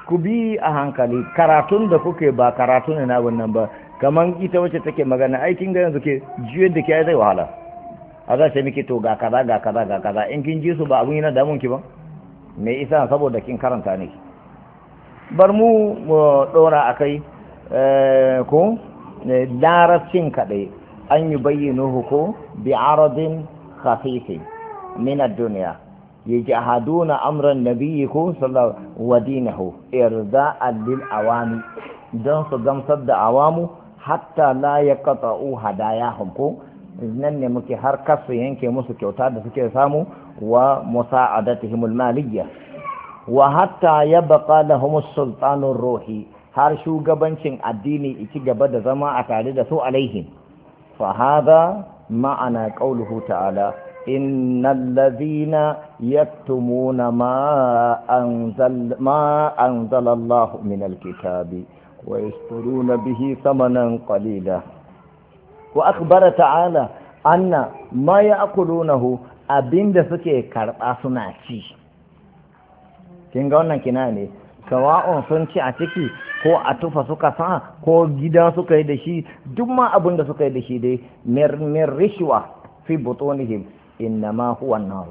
ku bi a hankali karatun da kuke ba karatun na wannan ba kamar ita wacce take magana aikin ga yanzu ke juyar da ke zai wahala a za ce miki to ga kaza ga kaza ga kaza in kin ji su ba abun yana damun ki ba me isa saboda kin karanta ne bar mu dora akai eh, ko darascin kaɗai an yi bayyano ko bi aradin khafifin min ad-dunya yajhaduna amran nabiyyi ko sallallahu wa dinahu irda'an lil awami don su gamsar da awamu hatta la yaqta'u hadayahum ko nan ne muke har kasu yanke musu kyauta da suke samu wa musa'adatihim al-maliyya wa hatta yabqa lahum as ruhi har shugabancin addini ci gaba da zama a tare da su alaihi fa hadha ma'ana qawluhu ta'ala innal ladhina yaktumuna ma anzal ma anzalallahu min kitabi wa yashturuna bihi thamanan wa akbara ta'ala anna ma ya'kulunahu abinda suke karba suna ci kin ga wannan kina ne sawa'un sun ci a ciki ko a tufa suka sa ko gida suka yi da shi duk ma abinda suka yi da shi dai min rishwa fi butunihim innama huwa an-nar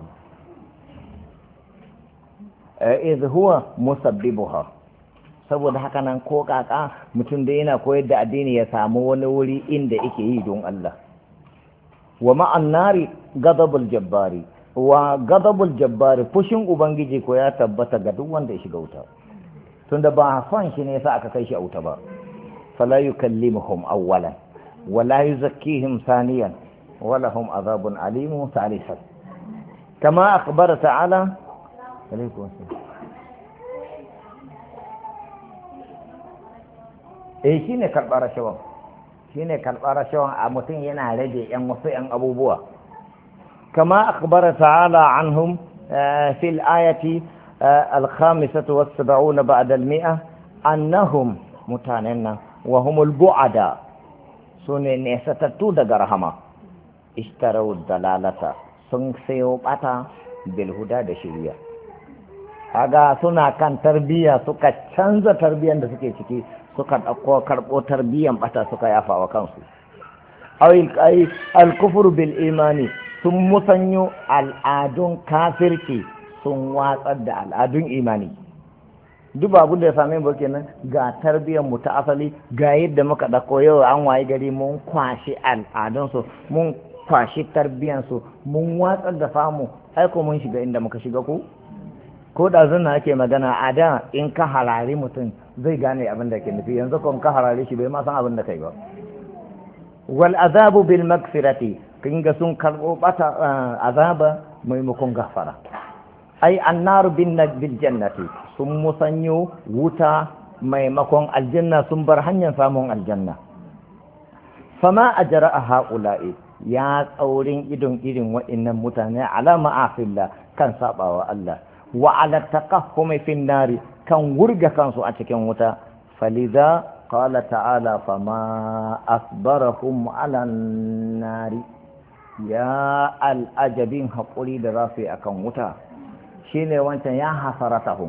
idh eh, huwa musabbibuha saboda haka nan ko kaka mutum da yana koyar da addini ya samu wani wuri inda yake yi don Allah wa ma'an gadabul jabbari wa gadabul jabbari fushin ubangiji ko ya tabbata ga duk wanda ya shiga wuta tunda ba son shi ne yasa aka kai shi a wuta ba fala yukallimuhum awwalan wala yuzakkihim thaniyan wala hum azabun alimu thalithah kama akhbara ta'ala alaikum assalam eh shi ne karɓar rashawan shi ne karɓar rashawan a mutum yana rage ‘yan wasu ‘yan abubuwa kama akbara ta'ala anhum eh, fil ayati eh, alkhamisatu was-sab'una ba'da al-mi'a annahum mutanen nan wa humul bu'ada sune ne satattu daga rahama istarau dalalata sun sayo bata bilhuda da shirya kaga suna kan tarbiya suka canza tarbiyan da suke ciki suka ɗauko karɓo tarbiyyan ɓata suka yafa wa kansu Alkufuru bil imani sun musanyo al'adun kafirci sun watsar da al'adun imani duk abin da ya same mu kenan ga tarbiyyar mu ta asali ga yadda muka ɗauko yau an wayi gari mun kwashi al'adunsu mun kwashi tarbiyyarsu mun watsar da famu aiko mun shiga inda muka shiga ku ko da na ake magana a da in ka harari mutum zai gane abin da ke nufi yanzu kun ka harare shi bai ma san abin da kai ba wal azabu bil magfirati kin ga sun karbo bata eh, azaba maimakon gafara ai annaru bin bil jannati sun musanyo wuta maimakon aljanna sun bar hanyar samun aljanna fama ajra a haula'i ya tsaurin idon irin waɗannan mutane alama afilla kan sabawa Allah wa ala taqahhumi fin nari kan wurga kansu a cikin wuta faliza qala ta'ala fama asbarahum ala nari ya al'ajabin haƙuri da za su yi a kan wuta shi ne wancan ya hasaratahum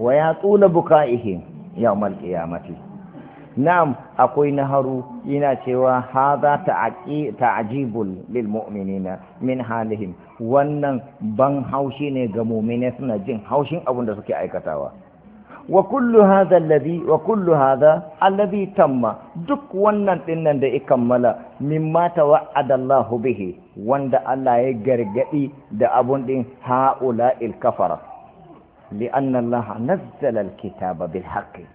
wa ya tsula buka'ihim yau malƙiyamati na'am akwai naharu yana cewa haza ta'ajibul lil mu'minina min halihim wannan ban haushi ne ga mumine suna jin haushin abin da suke aikatawa wa kullu hadha alladhi wa kullu hadha alladhi tamma duk wannan dinnan da ya kammala mimma tawa'ada Allahu bihi wanda Allah ya gargadi da abun din haula'il kafara li'anna Allah nazzala al-kitaba bil haqqi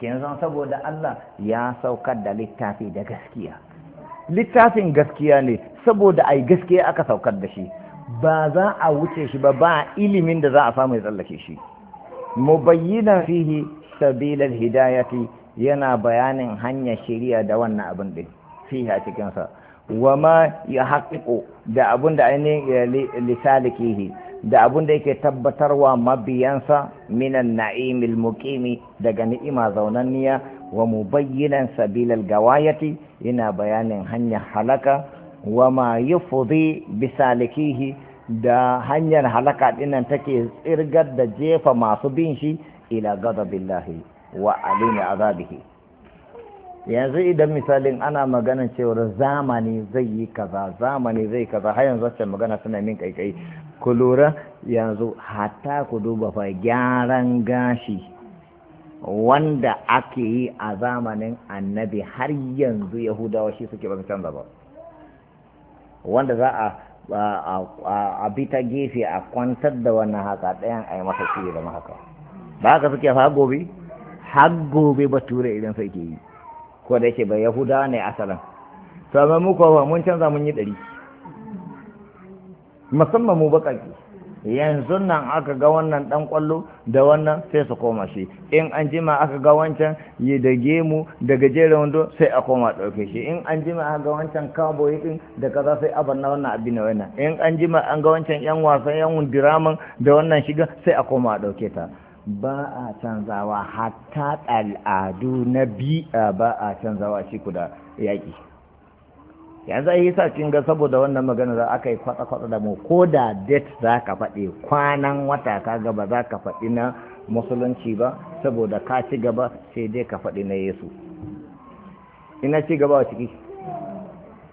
kinsan saboda Allah ya saukar da littafi da gaskiya littafin gaskiya ne saboda ai gaskiya aka saukar da shi ba za a wuce shi ba ba ilimin da za a samu ya tsallake shi mubayyina fihi sabilal hidayati yana bayanin hanyar shari'a da wannan abin din fiha cikin sa wa ma ya da abin da ainihin lisalikihi da abin da yake tabbatarwa mabiyansa minan na'imil muqimi daga ni'ima zaunanniya wa mubayyinan sabilal gawayati yana bayanin hanyar halaka wa ma yufdi bisalikihi da hanyar halaka dinnan take tsirgar da jefa masu bin shi ila ghadabillahi wa alimi azabihi yanzu idan misalin ana maganin cewar zamani zai yi kaza zamani zai kaza har yanzu wacce magana suna min kaikai ku lura yanzu hatta ku duba fa gyaran gashi wanda ake yi a zamanin annabi har yanzu yahudawa shi suke ba canza ba wanda za a bi ta gefe a kwantar da wannan haka ɗayan a yi masa shi da mahaka ba haka suke fa gobe har gobe ba tura idan sai ke yi ko da yake ba yahuda ne asalin to amma mu ko mun canza mun yi ɗari musamman mu baƙaƙe yanzu nan aka ga wannan dan kwallo da wannan sai su koma shi in an jima aka ga wancan yi da gemu daga jere wando sai a koma dauke shi in an jima aka ga wancan cowboy din da kaza sai a banna wannan abin da wannan in an jima an ga wancan yan wasan yan diraman da wannan shiga sai a koma dauke ta ba a canzawa hatta al'adu na bi'a ba a canzawa shi kuda yaƙi yanzu ai yasa kin ga saboda wannan magana za aka yi kwata kwata da mu ko da date za ka faɗi kwanan wata ka gaba za ka faɗi na musulunci ba saboda ka ci gaba sai dai ka faɗi na yesu ina ci gaba a ciki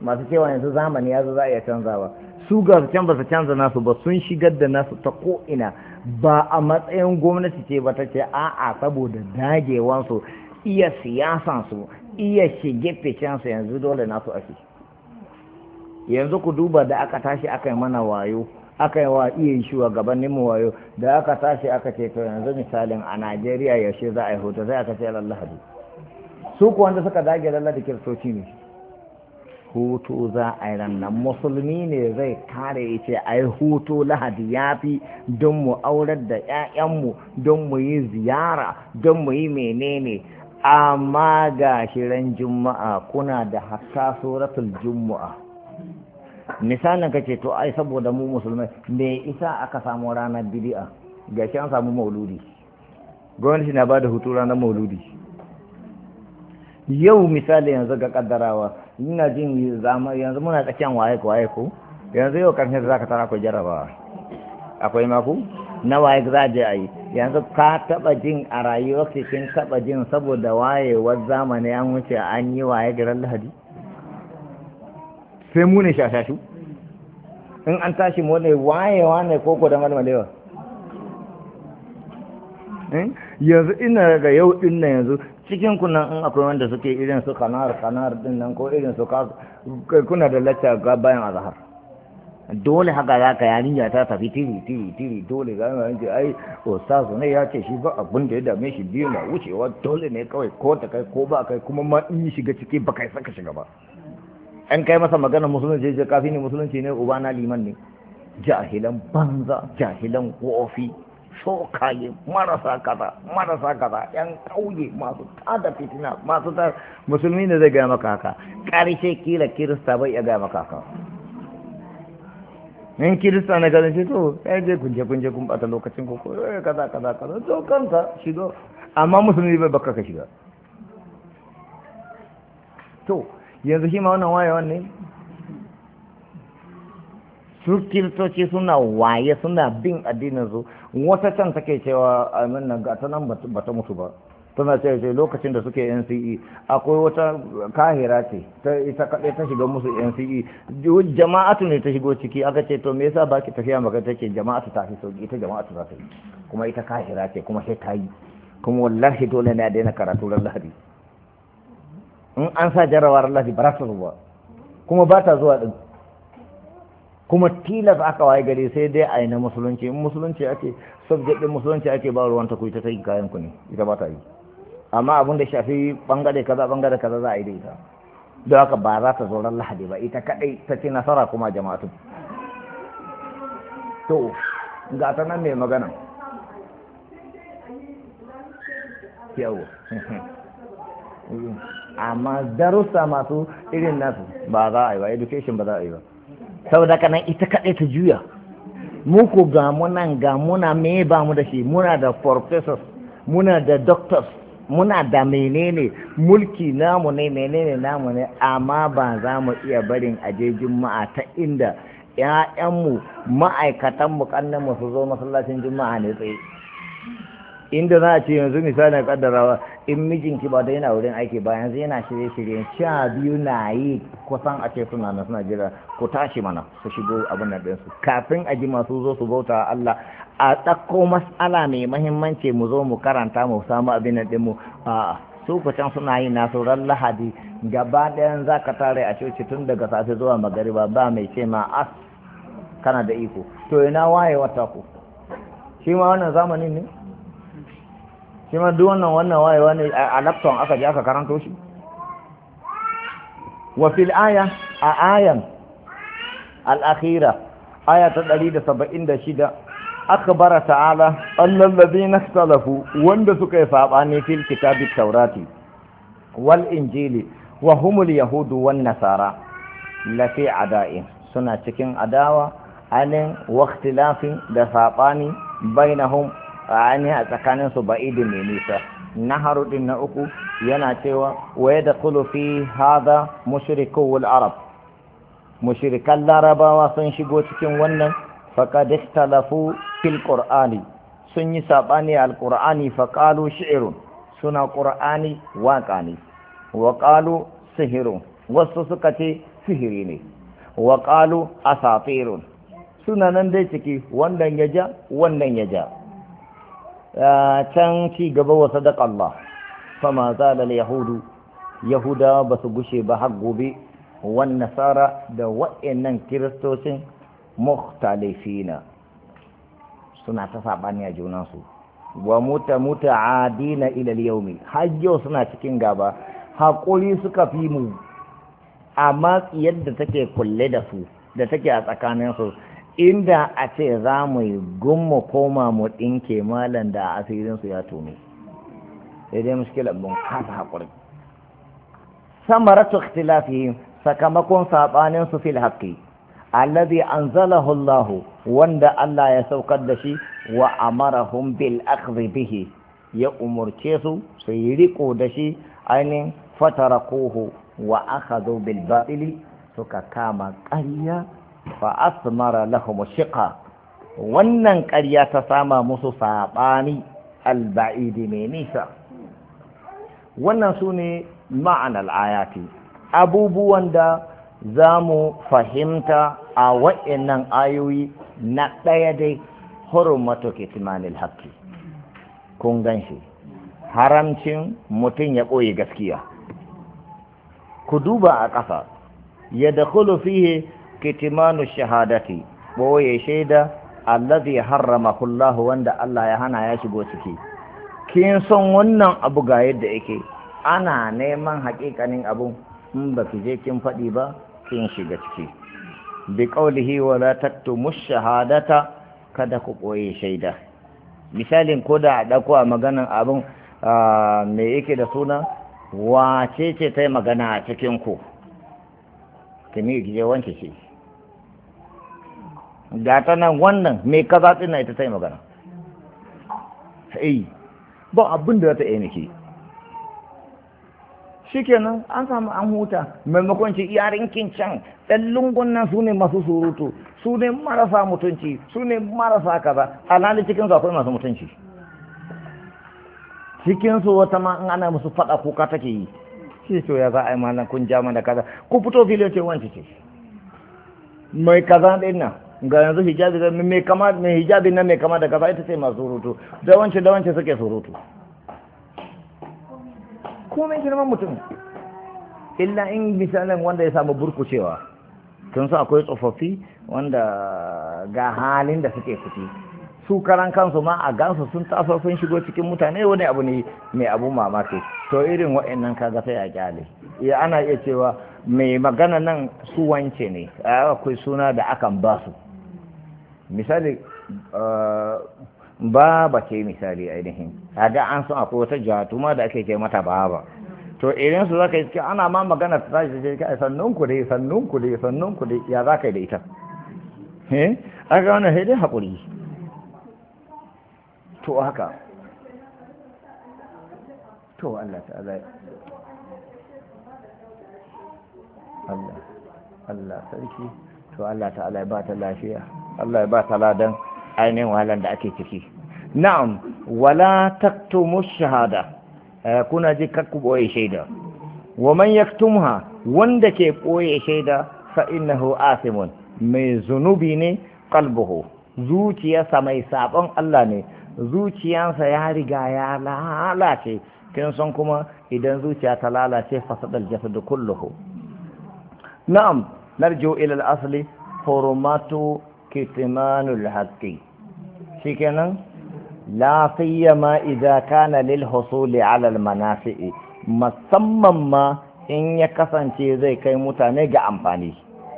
masu cewa yanzu zamani ya za a iya canzawa su ga su can su canza nasu ba sun shigar da nasu ta ko ina ba a matsayin gwamnati ce ba ta ce a'a saboda dagewansu iya siyasansu iya shige ficensu yanzu dole nasu a ciki yanzu ku duba da aka tashi aka yi mana wayo aka yi wa iya shugabannin mu wayo da aka tashi aka ce to yanzu misalin a Najeriya yaushe za a yi hoto sai aka ce lallahadi su ku wanda suka dage lallahadi kiristoci ne hutu za a yi rannan musulmi ne zai kare ya ce a yi hutu lahadi ya fi don mu aurar da 'ya'yanmu don mu yi ziyara don mu yi menene amma ga shirin juma'a kuna da hatta suratul juma'a misalin kace to ai saboda mu musulmai me isa aka samu ranar bid'a shi an samu mauludi gwamnati na bada hutu ranar mauludi yau misali yanzu ga kaddarawa ina jin yanzu muna tsakiyar waye ko waye ko yanzu yau karshen zaka tara akwai jarabawa akwai maku na waye za a je a yi yanzu ka taba jin a rayuwar kin taba jin saboda wayewar zamani an wuce an yi waye garin lahadi sai mu ne shashashu in an tashi mu ne wayewa ne ko gudan malmalewa eh? yanzu ina ga yau din nan yanzu cikin kunan in akwai wanda suke irin su kanar kanar din nan ko irin su kuna da lacca ga bayan azhar dole haka za ka yarinya ta tafi tiri tiri tiri dole za mu yanke ai ustaz ne ya ce shi ba abin da ya dame shi biyu na wucewa dole ne kawai ko ta kai ko ba kai kuma ma in shiga ciki ba kai saka shiga ba an kai masa magana musulunci ce kafi ne musulunci ne uba na liman ne jahilan banza jahilan kofi sokaye marasa kaza marasa kaza yan kauye masu tada fitina masu ta musulmi ne zai gaya maka haka karshe kila kirista bai ya gaya maka haka in kirista na ganin ce to sai je kunje kunje kun bata lokacin ku ko eh, kaza kaza kaza to kanka shigo amma musulmi bai baka ka shiga to yanzu shi ma wannan waye wanne su kiristoci suna waye suna bin addinin su wata can take cewa amin nan ga ta nan ba ta mutu ba tana cewa lokacin da suke NCE akwai wata kahira ce ta ita kaɗai ta shiga musu NCE jama'atu ne ta shigo ciki aka ce to me yasa baki tafiya maka take jama'atu ta fi sauki ita jama'atu za ta yi kuma ita kahira ce kuma sai ta yi kuma wallahi dole ne a daina karatu ran lahadi in an sa jarawar Allah ba ta zuwa kuma ba ta zuwa din kuma tilas aka waye gari sai dai a yi na musulunci in musulunci ake subject din musulunci ake ba ta ku ta yi kayan ku ne ita ba ta yi amma abin da shafi bangare kaza bangare kaza za a yi da ita don haka ba za ta zo ran lahadi ba ita kadai ta ci nasara kuma jama'atu to ga ta nan mai magana yawo amma darussa masu irin nasu ba za a yi ba education ba za a yi ba saboda nan ita kaɗai ta juya mu ko ga muna ga muna me ba mu da shi muna da professors muna da doctors muna da menene mulki namu ne menene namu ne amma ba za mu iya barin aje juma'a ta inda ‘ya'yanmu ma'aikatanmu mu su zo masallacin juma'a ne tsaye inda za a ce yanzu misalin kaddarawa in mijinki ba da yana wurin aiki ba yanzu yana shirye-shiryen sha biyu na yi kusan a ce suna na suna jira ko tashi mana su shigo abin da ɗinsu kafin a ji masu zo su bauta Allah a ɗakko mas'ala mai mahimmanci mu zo mu karanta mu samu abin da ɗinmu a su ku can suna yi na sauran lahadi gaba ɗayan za ka tare a coci tun daga safe zuwa magariba ba mai ce ma as ah, kana da iko to ina waye wata ku shi ma wannan zamanin ne shi ma duk wannan wannan wayewa ne a aka je aka karanto shi wa fil aya a ayan al-akhira aya ta 176 akbara ta'ala annal ladina ikhtalafu wanda suka yi sabani fil kitabi taurati wal injili wa humul yahudu wan nasara lafi ada'in suna cikin adawa anin waqtilafin da sabani bainahum ani a tsakanin su ba'idu mai nisa na harudin na uku yana cewa wa da fi hada mushriku arab mushrikan larabawa sun shigo cikin wannan faqad talafu fil qur'ani sun yi sabani al qur'ani faqalu shi'run suna ƙur'ani waƙa ne waƙalu sihirun wasu suka ce sihiri ne waƙalu asafirun suna nan dai ciki wannan ya ja wannan ya ja can ci gaba wa sadaka Allah za da yahudu yahuda ba su gushe ba har gobe wan nasara da wa'annan kiristocin mukhtalifina suna ta sabani a junansu wa muta muta adina ila yaumi har yau suna cikin gaba haƙuri suka fi mu amma yadda take kulle da su da take a tsakaninsu inda a ce za mu yi gumma koma mu ɗinke malan da asirinsu ya tono sai dai mushkilar mun kasa haƙuri sakamakon saɓanin su fil haqqi allazi anzalahu Allah wanda Allah ya saukar da shi wa amarahum bil akhdhi bihi ya umurce su su yi riko da shi ainin fatarakuhu wa akhadhu bil batili suka kama ƙarya fa asmara lahum shiqa wannan ƙarya ta sama musu saɓani alba'idi mai nisa wannan su ne ma'anar ayati abubuwan da za mu fahimta a wa'annan ayoyi na ɗaya dai hurmatu kitmanil haqqi kun gan shi haramcin mutum ya ɓoye gaskiya ku duba a ƙasa ya da fihe kitimanu shahadati boye shaida allazi harrama kullahu wanda Allah ya hana ya shigo ciki kin son wannan abu ga yadda yake ana neman haƙiƙanin abu. in ba ki je kin faɗi ba kin shiga ciki bi qawlihi wa la taktumu shahadata kada ku boye shaida misalin ko da a ɗauko a maganan abin me yake da suna wace ce ta yi magana a cikinku kimi je wanke shi gata nan wannan mai kaza na ita ta yi magana sai ba abin da za ta yi shi kenan an samu an huta maimakon ci yarinkin can ɗan lungun nan su ne masu surutu su ne marasa mutunci su ne marasa kaza alhali cikin su akwai masu mutunci cikin su wata ma an ana musu faɗa kuka take yi shi to ya za a yi malam kun ja mana kaza ku fito filin ce wance ce mai kaza ɗin nan ga yanzu hijabi da mai kama mai hijabi na mai kama da kafa ita ce masu surutu da wance da wance suke surutu mai girman mutum illa in misalin wanda ya samu burkucewa tun su akwai tsofaffi wanda ga halin da suke fiti su karan kansu ma a gansu sun taso sun shigo cikin mutane wani abu ne mai abu mamaki to irin wa'annan kaga sai a kyale ya ana iya cewa mai magana nan su wance ne a akwai suna da akan basu. misali baba ke misali ainihin kaga an san akwai wata jatuma da ake ke mata baba to irin su zaka yi ana ma magana ta tashi ce kai sannun ku dai sannun ku dai sannun ku dai ya zaka yi da ita eh aka wannan sai hakuri to haka to Allah ta'ala Allah Allah sarki to Allah ta'ala ba ta lafiya Allah ya ba ta ladan ainihin wahalar da ake ciki na'am wala taktumu shahada eh, kuna ji kakku boye shaida wa man yaktumha wanda ke boye shaida fa innahu asimun mai zunubi ne qalbuhu zuciyarsa mai sabon Allah ne zuciyarsa ya riga ya lalace kin san kuma idan zuciya ta lalace fasadal jasad kulluhu na'am narjo ila al-asli hurmatu kitimanul haqqi shikenan la siyama idza kana lil husuli ala al manafi'i musamman ma in ya kasance zai kai mutane ga amfani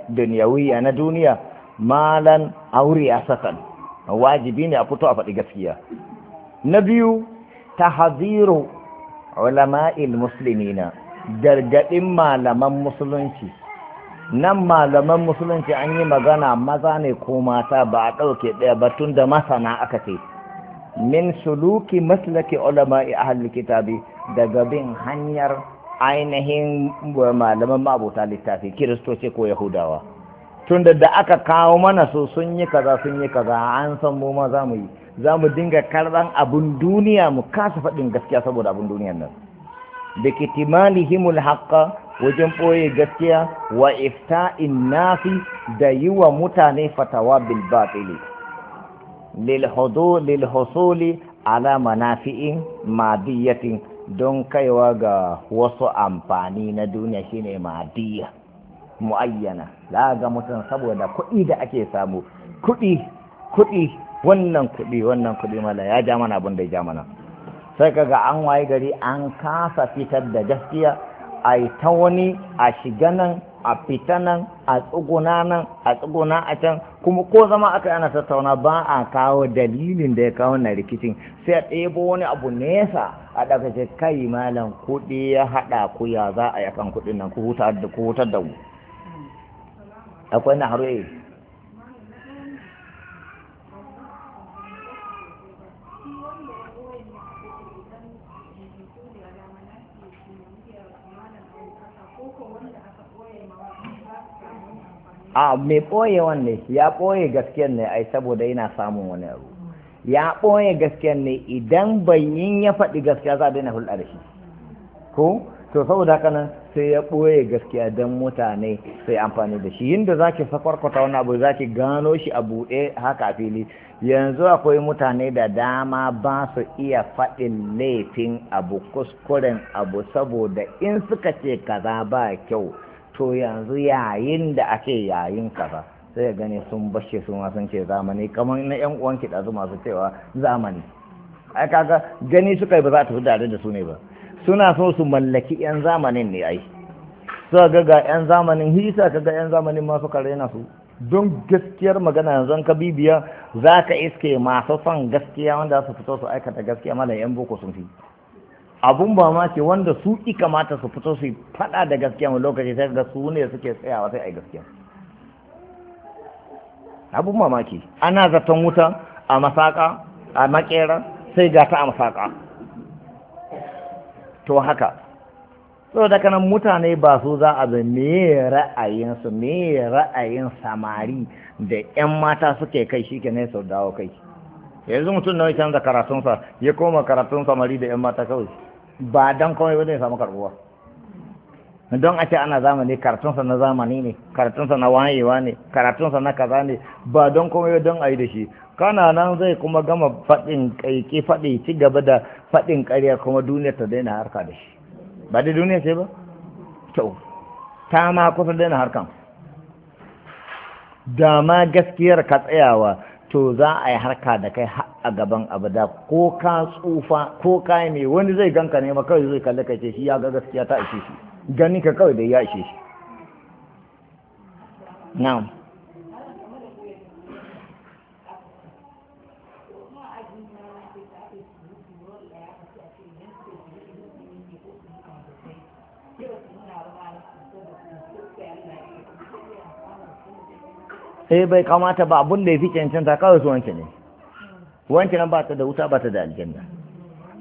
dunyawiya na duniya malan aure asakan wajibi ne a fito a faɗi gaskiya na biyu tahziru ulama'il muslimina gargaɗin malaman musulunci nan malaman musulunci an yi magana maza ne ko mata ba a ɗauke ɗaya ba tun da masana aka ce min suluki maslaki ulama ahlul kitabi daga bin hanyar ainihin malaman mabuta littafi kiristoci ko yahudawa tun da aka kawo mana su sun yi kaza sun yi kaza an san mu ma za mu yi za mu dinga karɓan abin duniya mu kasa faɗin gaskiya saboda abin duniyar nan da kitimalihimul haqqa wajen ɓoye gaskiya wa ifta'in nafi da yi wa mutane fatawa bil batili lil husuli ala manafi'in madiyatin don kaiwa ga wasu amfani na duniya shine madiya muayyana za ga mutum saboda kuɗi da ake samu kuɗi kuɗi wannan kuɗi wannan kuɗi mala ya ja mana abin da ya ja mana sai kaga an waye gari an kasa fitar da gaskiya a yi ta wani a shiga nan a fita nan a tsuguna nan a tsuguna a can kuma ko zama aka ana tattauna ba a kawo dalilin da ya kawo na rikicin sai a ɗebo wani abu nesa a ɗaga ce kai malam kuɗi ya haɗa ku ya za a yakan kuɗin nan ku hutar da ku mm. akwai na a mai ɓoyewan ne ya ɓoye gaskiyar ne ai saboda yana samun wani abu ya ɓoye gaskiyar ne idan bayin ya faɗi gaskiya za a daina hulɗa da shi ko to saboda haka nan sai ya ɓoye gaskiya don mutane sai amfani da shi yadda za ki sakwarkwata wani abu za ki gano shi a buɗe haka a fili yanzu akwai mutane da dama ba su iya faɗin laifin abu kuskuren abu saboda in suka ce kaza ba kyau to yanzu yayin da ake yayin kaza sai ya gane sun bashe sun ce zamani kamar na yan uwanki su masu cewa zamani ai kaga gani suka yi ba za ta fi da su ne ba suna so su mallaki 'yan zamanin ne ai suka ga ga 'yan zamanin hisa ka ga 'yan zamanin masu karena su don gaskiyar magana yanzu ka bibiya za ka iske masu son gaskiya wanda su fito su aikata gaskiya mana 'yan boko sun fi abun ba ma ce wanda su ki kamata su fito su fada da gaskiya mu lokaci sai ga su ne suke tsayawa sai ai gaskiya abun mamaki ana zaton wuta a masaka a makera sai ga ta a masaka to haka saboda kanan mutane ba su za a zai me ra'ayinsu me ra'ayin samari da 'yan mata suke kai shi ke ne sau dawo kai yanzu mutum na canza karatunsa ya koma karatun samari da 'yan mata kawai ba don kawai ba ya samu karbuwa don a ce ana zamani karatunsa na zamani ne karatunsa na wayewa ne karatunsa na kaza ne ba don komai don a yi da shi kana nan zai kuma gama faɗin ƙaiƙe faɗi ci gaba da faɗin ƙarya kuma duniya ta daina harka da shi ba da duniya ce ba to ta ma kusa daina harkan da ma gaskiyar ka tsayawa to za a yi harka da kai a gaban abada ko ka tsufa ko ka yi mai wani zai ganka ne ma kawai zai kalli kai shi ya ga gaskiya ta ishe shi ganin ka kawai da ya ishe shi na'am sai bai kamata ba abun da ya fi cancanta kawai su wancan ne wancan ba ta da wuta ba ta da aljanna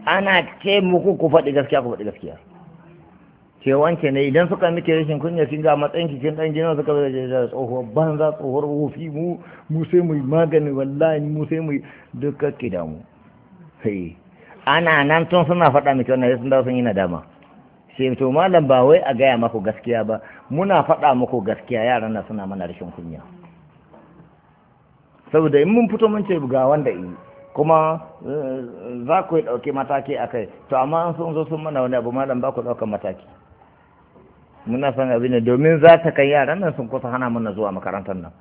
ana ce muku ku faɗi gaskiya ku faɗi gaskiya ke wancan ne idan suka muke rashin kunya sun ga matsayin ki kin dan jinin suka zai da tsohuwar banza tsohuwar wufi mu mu sai mu magani wallahi mu sai mu duka ki mu sai ana nan tun suna faɗa miki wannan sun dawo sun yi nadama sai to malam ba wai a gaya maku gaskiya ba muna faɗa muku gaskiya yaran na suna mana rashin kunya saboda in mun fito mun ce ga wanda yi kuma eh, za ku yi ɗauki mataki a kai to amma an sun zo sun mana wani abu malam ba ku ɗaukan mataki muna san abin ne domin za ta kai yaran nan sun kusa hana mana zuwa makarantar nan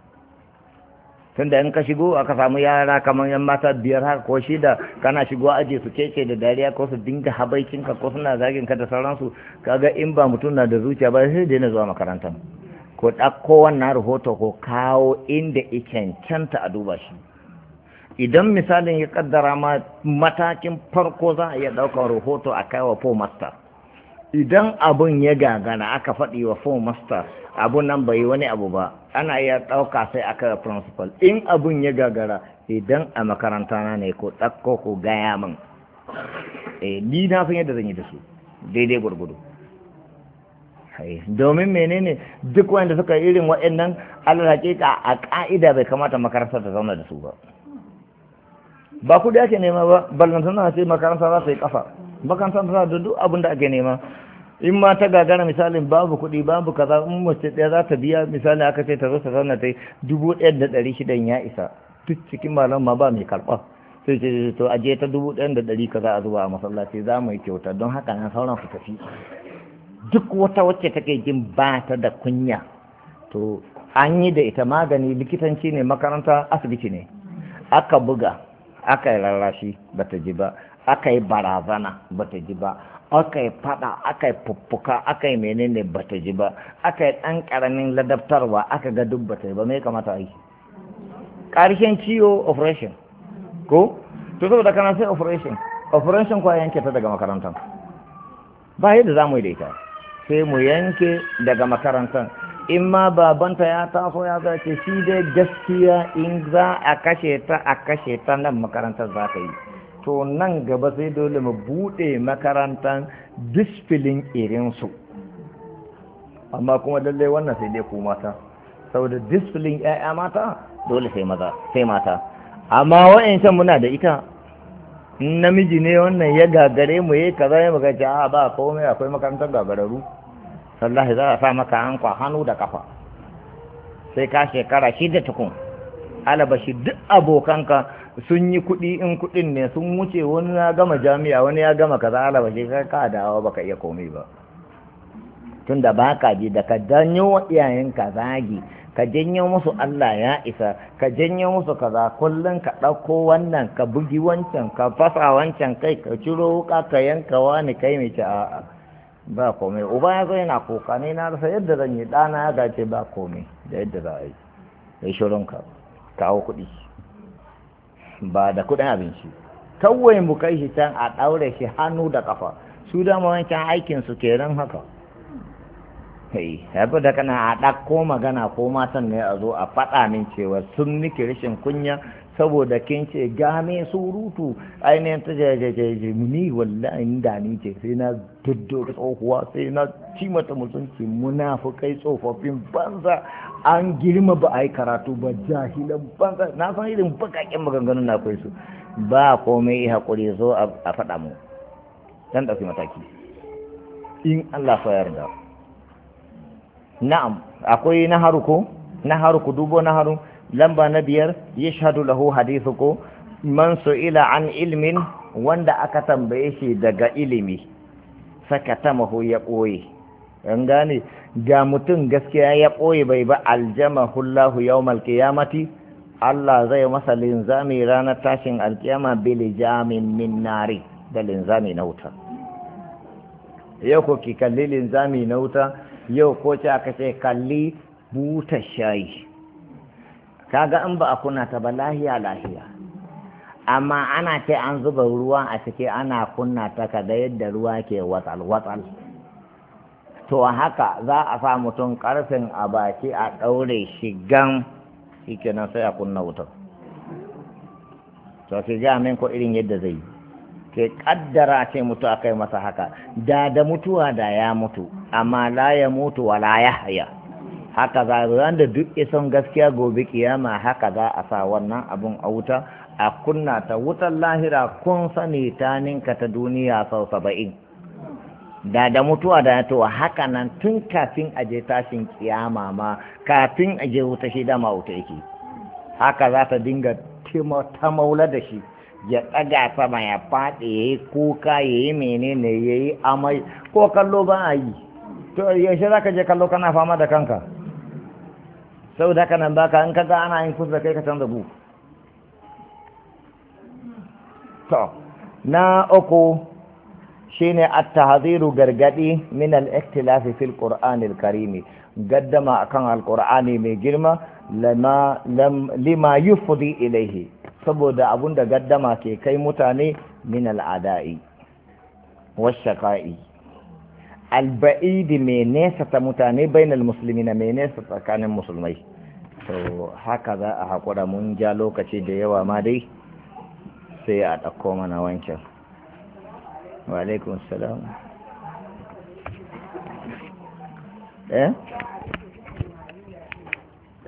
tunda in ka shigo aka samu yara kamar yan mata biyar haka ko shida kana shigo aje su keke da dariya ko su dinga habaicinka ko suna zagin ka da sauransu kaga in ba mutum na da zuciya ba sai daina zuwa makarantar ko ɗauko wannan rahoto ko kawo inda cancanta a duba shi idan misalin ya kaddara ma matakin farko za a iya ɗaukar rahoto a kai wa master idan abun ya gagana aka faɗi wa fo master abun nan bai wani abu ba ana iya ɗauka sai aka yi principal in abun ya gagara idan a makaranta na ne ko ɗauko ko gaya min eh, ni na san yadda zan yi da su daidai gwargwado domin menene duk wanda suka yi irin waɗannan alal hakika a ka'ida bai kamata makarantar ta zauna da su ba ba ku da ake nema ba ballanta na ce makarantar za su yi kafa makarantar za da duk abin da ake nema in ma ta gagara misalin babu kuɗi babu kaza in mace ɗaya za ta biya misali aka ce ta zo ta zauna ta yi dubu ɗaya da ɗari shida ya isa duk cikin malam ma ba mai karɓa sai ce to aje ta dubu ɗaya da ɗari kaza a zuwa a masallaci za mu yi kyauta don haka na sauran su tafi duk wata wacce take jin ba ta da kunya to an yi da ita magani likitanci ne makaranta asibiti ne aka buga aka yi rarrashi ba ta ji ba aka yi barazana ba ta ji ba aka yi fada aka yi fuffuka aka yi menene ba ta ji ba aka yi ɗan ƙaramin ladabtarwa aka ga duk ba ta yi ba mai kamata a yi ƙarshen ciwo operation ko to saboda kana sai operation operation kwa yanke ta daga makarantar ba yadda za mu yi da ita sai mu yanke daga makarantar in ma babanta ya taso ya zace shi dai gaskiya in za a kashe ta a kashe ta nan makarantar za ta yi to nan gaba sai dole mu buɗe makarantar disfilin irinsu amma kuma lallai wannan sai dai ku mata saboda disfilin 'ya'ya mata dole sai maza sai mata amma wa'ancan muna da ita namiji ne wannan ya gagare mu ya kaza ya magaci a ba komai akwai makarantar gagararu. wallahi za a sa maka hankwa hannu da kafa sai ka shekara shida tukun alabashi duk abokanka sun yi kuɗi in kuɗin ne sun wuce wani ya gama jami'a wani ya gama kaza alabashi kai ka dawo baka iya komai ba tun da baka ji da ka janyo wa iyayenka zagi ka janyo musu Allah ya isa ka janyo musu kaza kullum ka ɗauko wannan ka bugi wancan ka fasa wancan kai ka ciro wuka ka yanka wani kai mai a'a ba komai uba ya zo yana kuka ne na rasa yadda zan yi ɗana ya gace ba komai da yadda za a yi ya shirin ka kawo kuɗi ba da kuɗin abinci kawai mu kai shi can a ɗaure shi hannu da ƙafa su dama wancan aikin su ran haka ya fi da kana a ɗakko magana ko matan ne a zo a faɗa min cewa sun niki rashin kunya saboda kin ce game surutu ainihin ta jajajaje ni wallahi da ni ce sai na duddur tsohuwa sai na ci mata mutunci munafukai tsofaffin banza an girma ba a yi karatu ba jahilan banza na san irin bakaƙen maganganun na akwai su ba komai haƙuri zo a faɗa mu dan ɗauki mataki in Allah fa yarda na'am akwai haru ko haru ku dubo haru. lamba na biyar ya shahadu lahu hadithu ko man su'ila an ilmin wanda aka tambaye shi daga ilimi mahu ya ɓoye an gane ga mutum gaskiya ya ɓoye bai ba Hullahu yau yawmal qiyamati Allah zai masa linzami ranar tashin alkiyama bili jamin min da linzami na wuta yau ko ki kalli linzami na wuta yau ko ce aka ce kalli buta shayi kaga in ba a kunna ta ba lahiya lahiya amma ana ce an zuba ruwa a cike ana kunna ta kaga yadda ruwa ke watsal watsal to haka za a sa mutum karfin a baki a ɗaure gan shi kenan sai a kunna wutar to ki ga min ko irin yadda zai yi ke kaddara ce mutu akai masa haka da da mutuwa da ya mutu amma la ya mutu wala ya haya haka za ran da duk isan gaskiya gobe kiyama haka za a sa wannan abun a wuta a kunna ta wutar lahira kun sani ta ninka ta duniya sau saba'in da da mutuwa da to haka nan tun kafin a je tashin kiyama ma kafin a je wuta shi dama wuta yake haka za ta dinga ta maula da shi ya tsaga sama ya faɗi ya yi kuka ya yi menene ya yi amai ko kallo ba a yi to yaushe za ka je kallo kana fama da kanka saboda haka nan baka in kaga ana yin kusa kai ka canza bu to na uku shine at tahdhiru gargadi min al al-Qur'an al karim gaddama akan al-qur'ani mai girma lama lima yufdi ilayhi saboda abunda gaddama ke kai mutane min al-ada'i wa shaka'i alba'idi mai nesa ta mutane bainal musulmi na mai nesa tsakanin musulmai to haka za a haƙura mun ja lokaci da yawa ma dai sai a ɗauko mana wancan salam eh?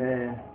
eh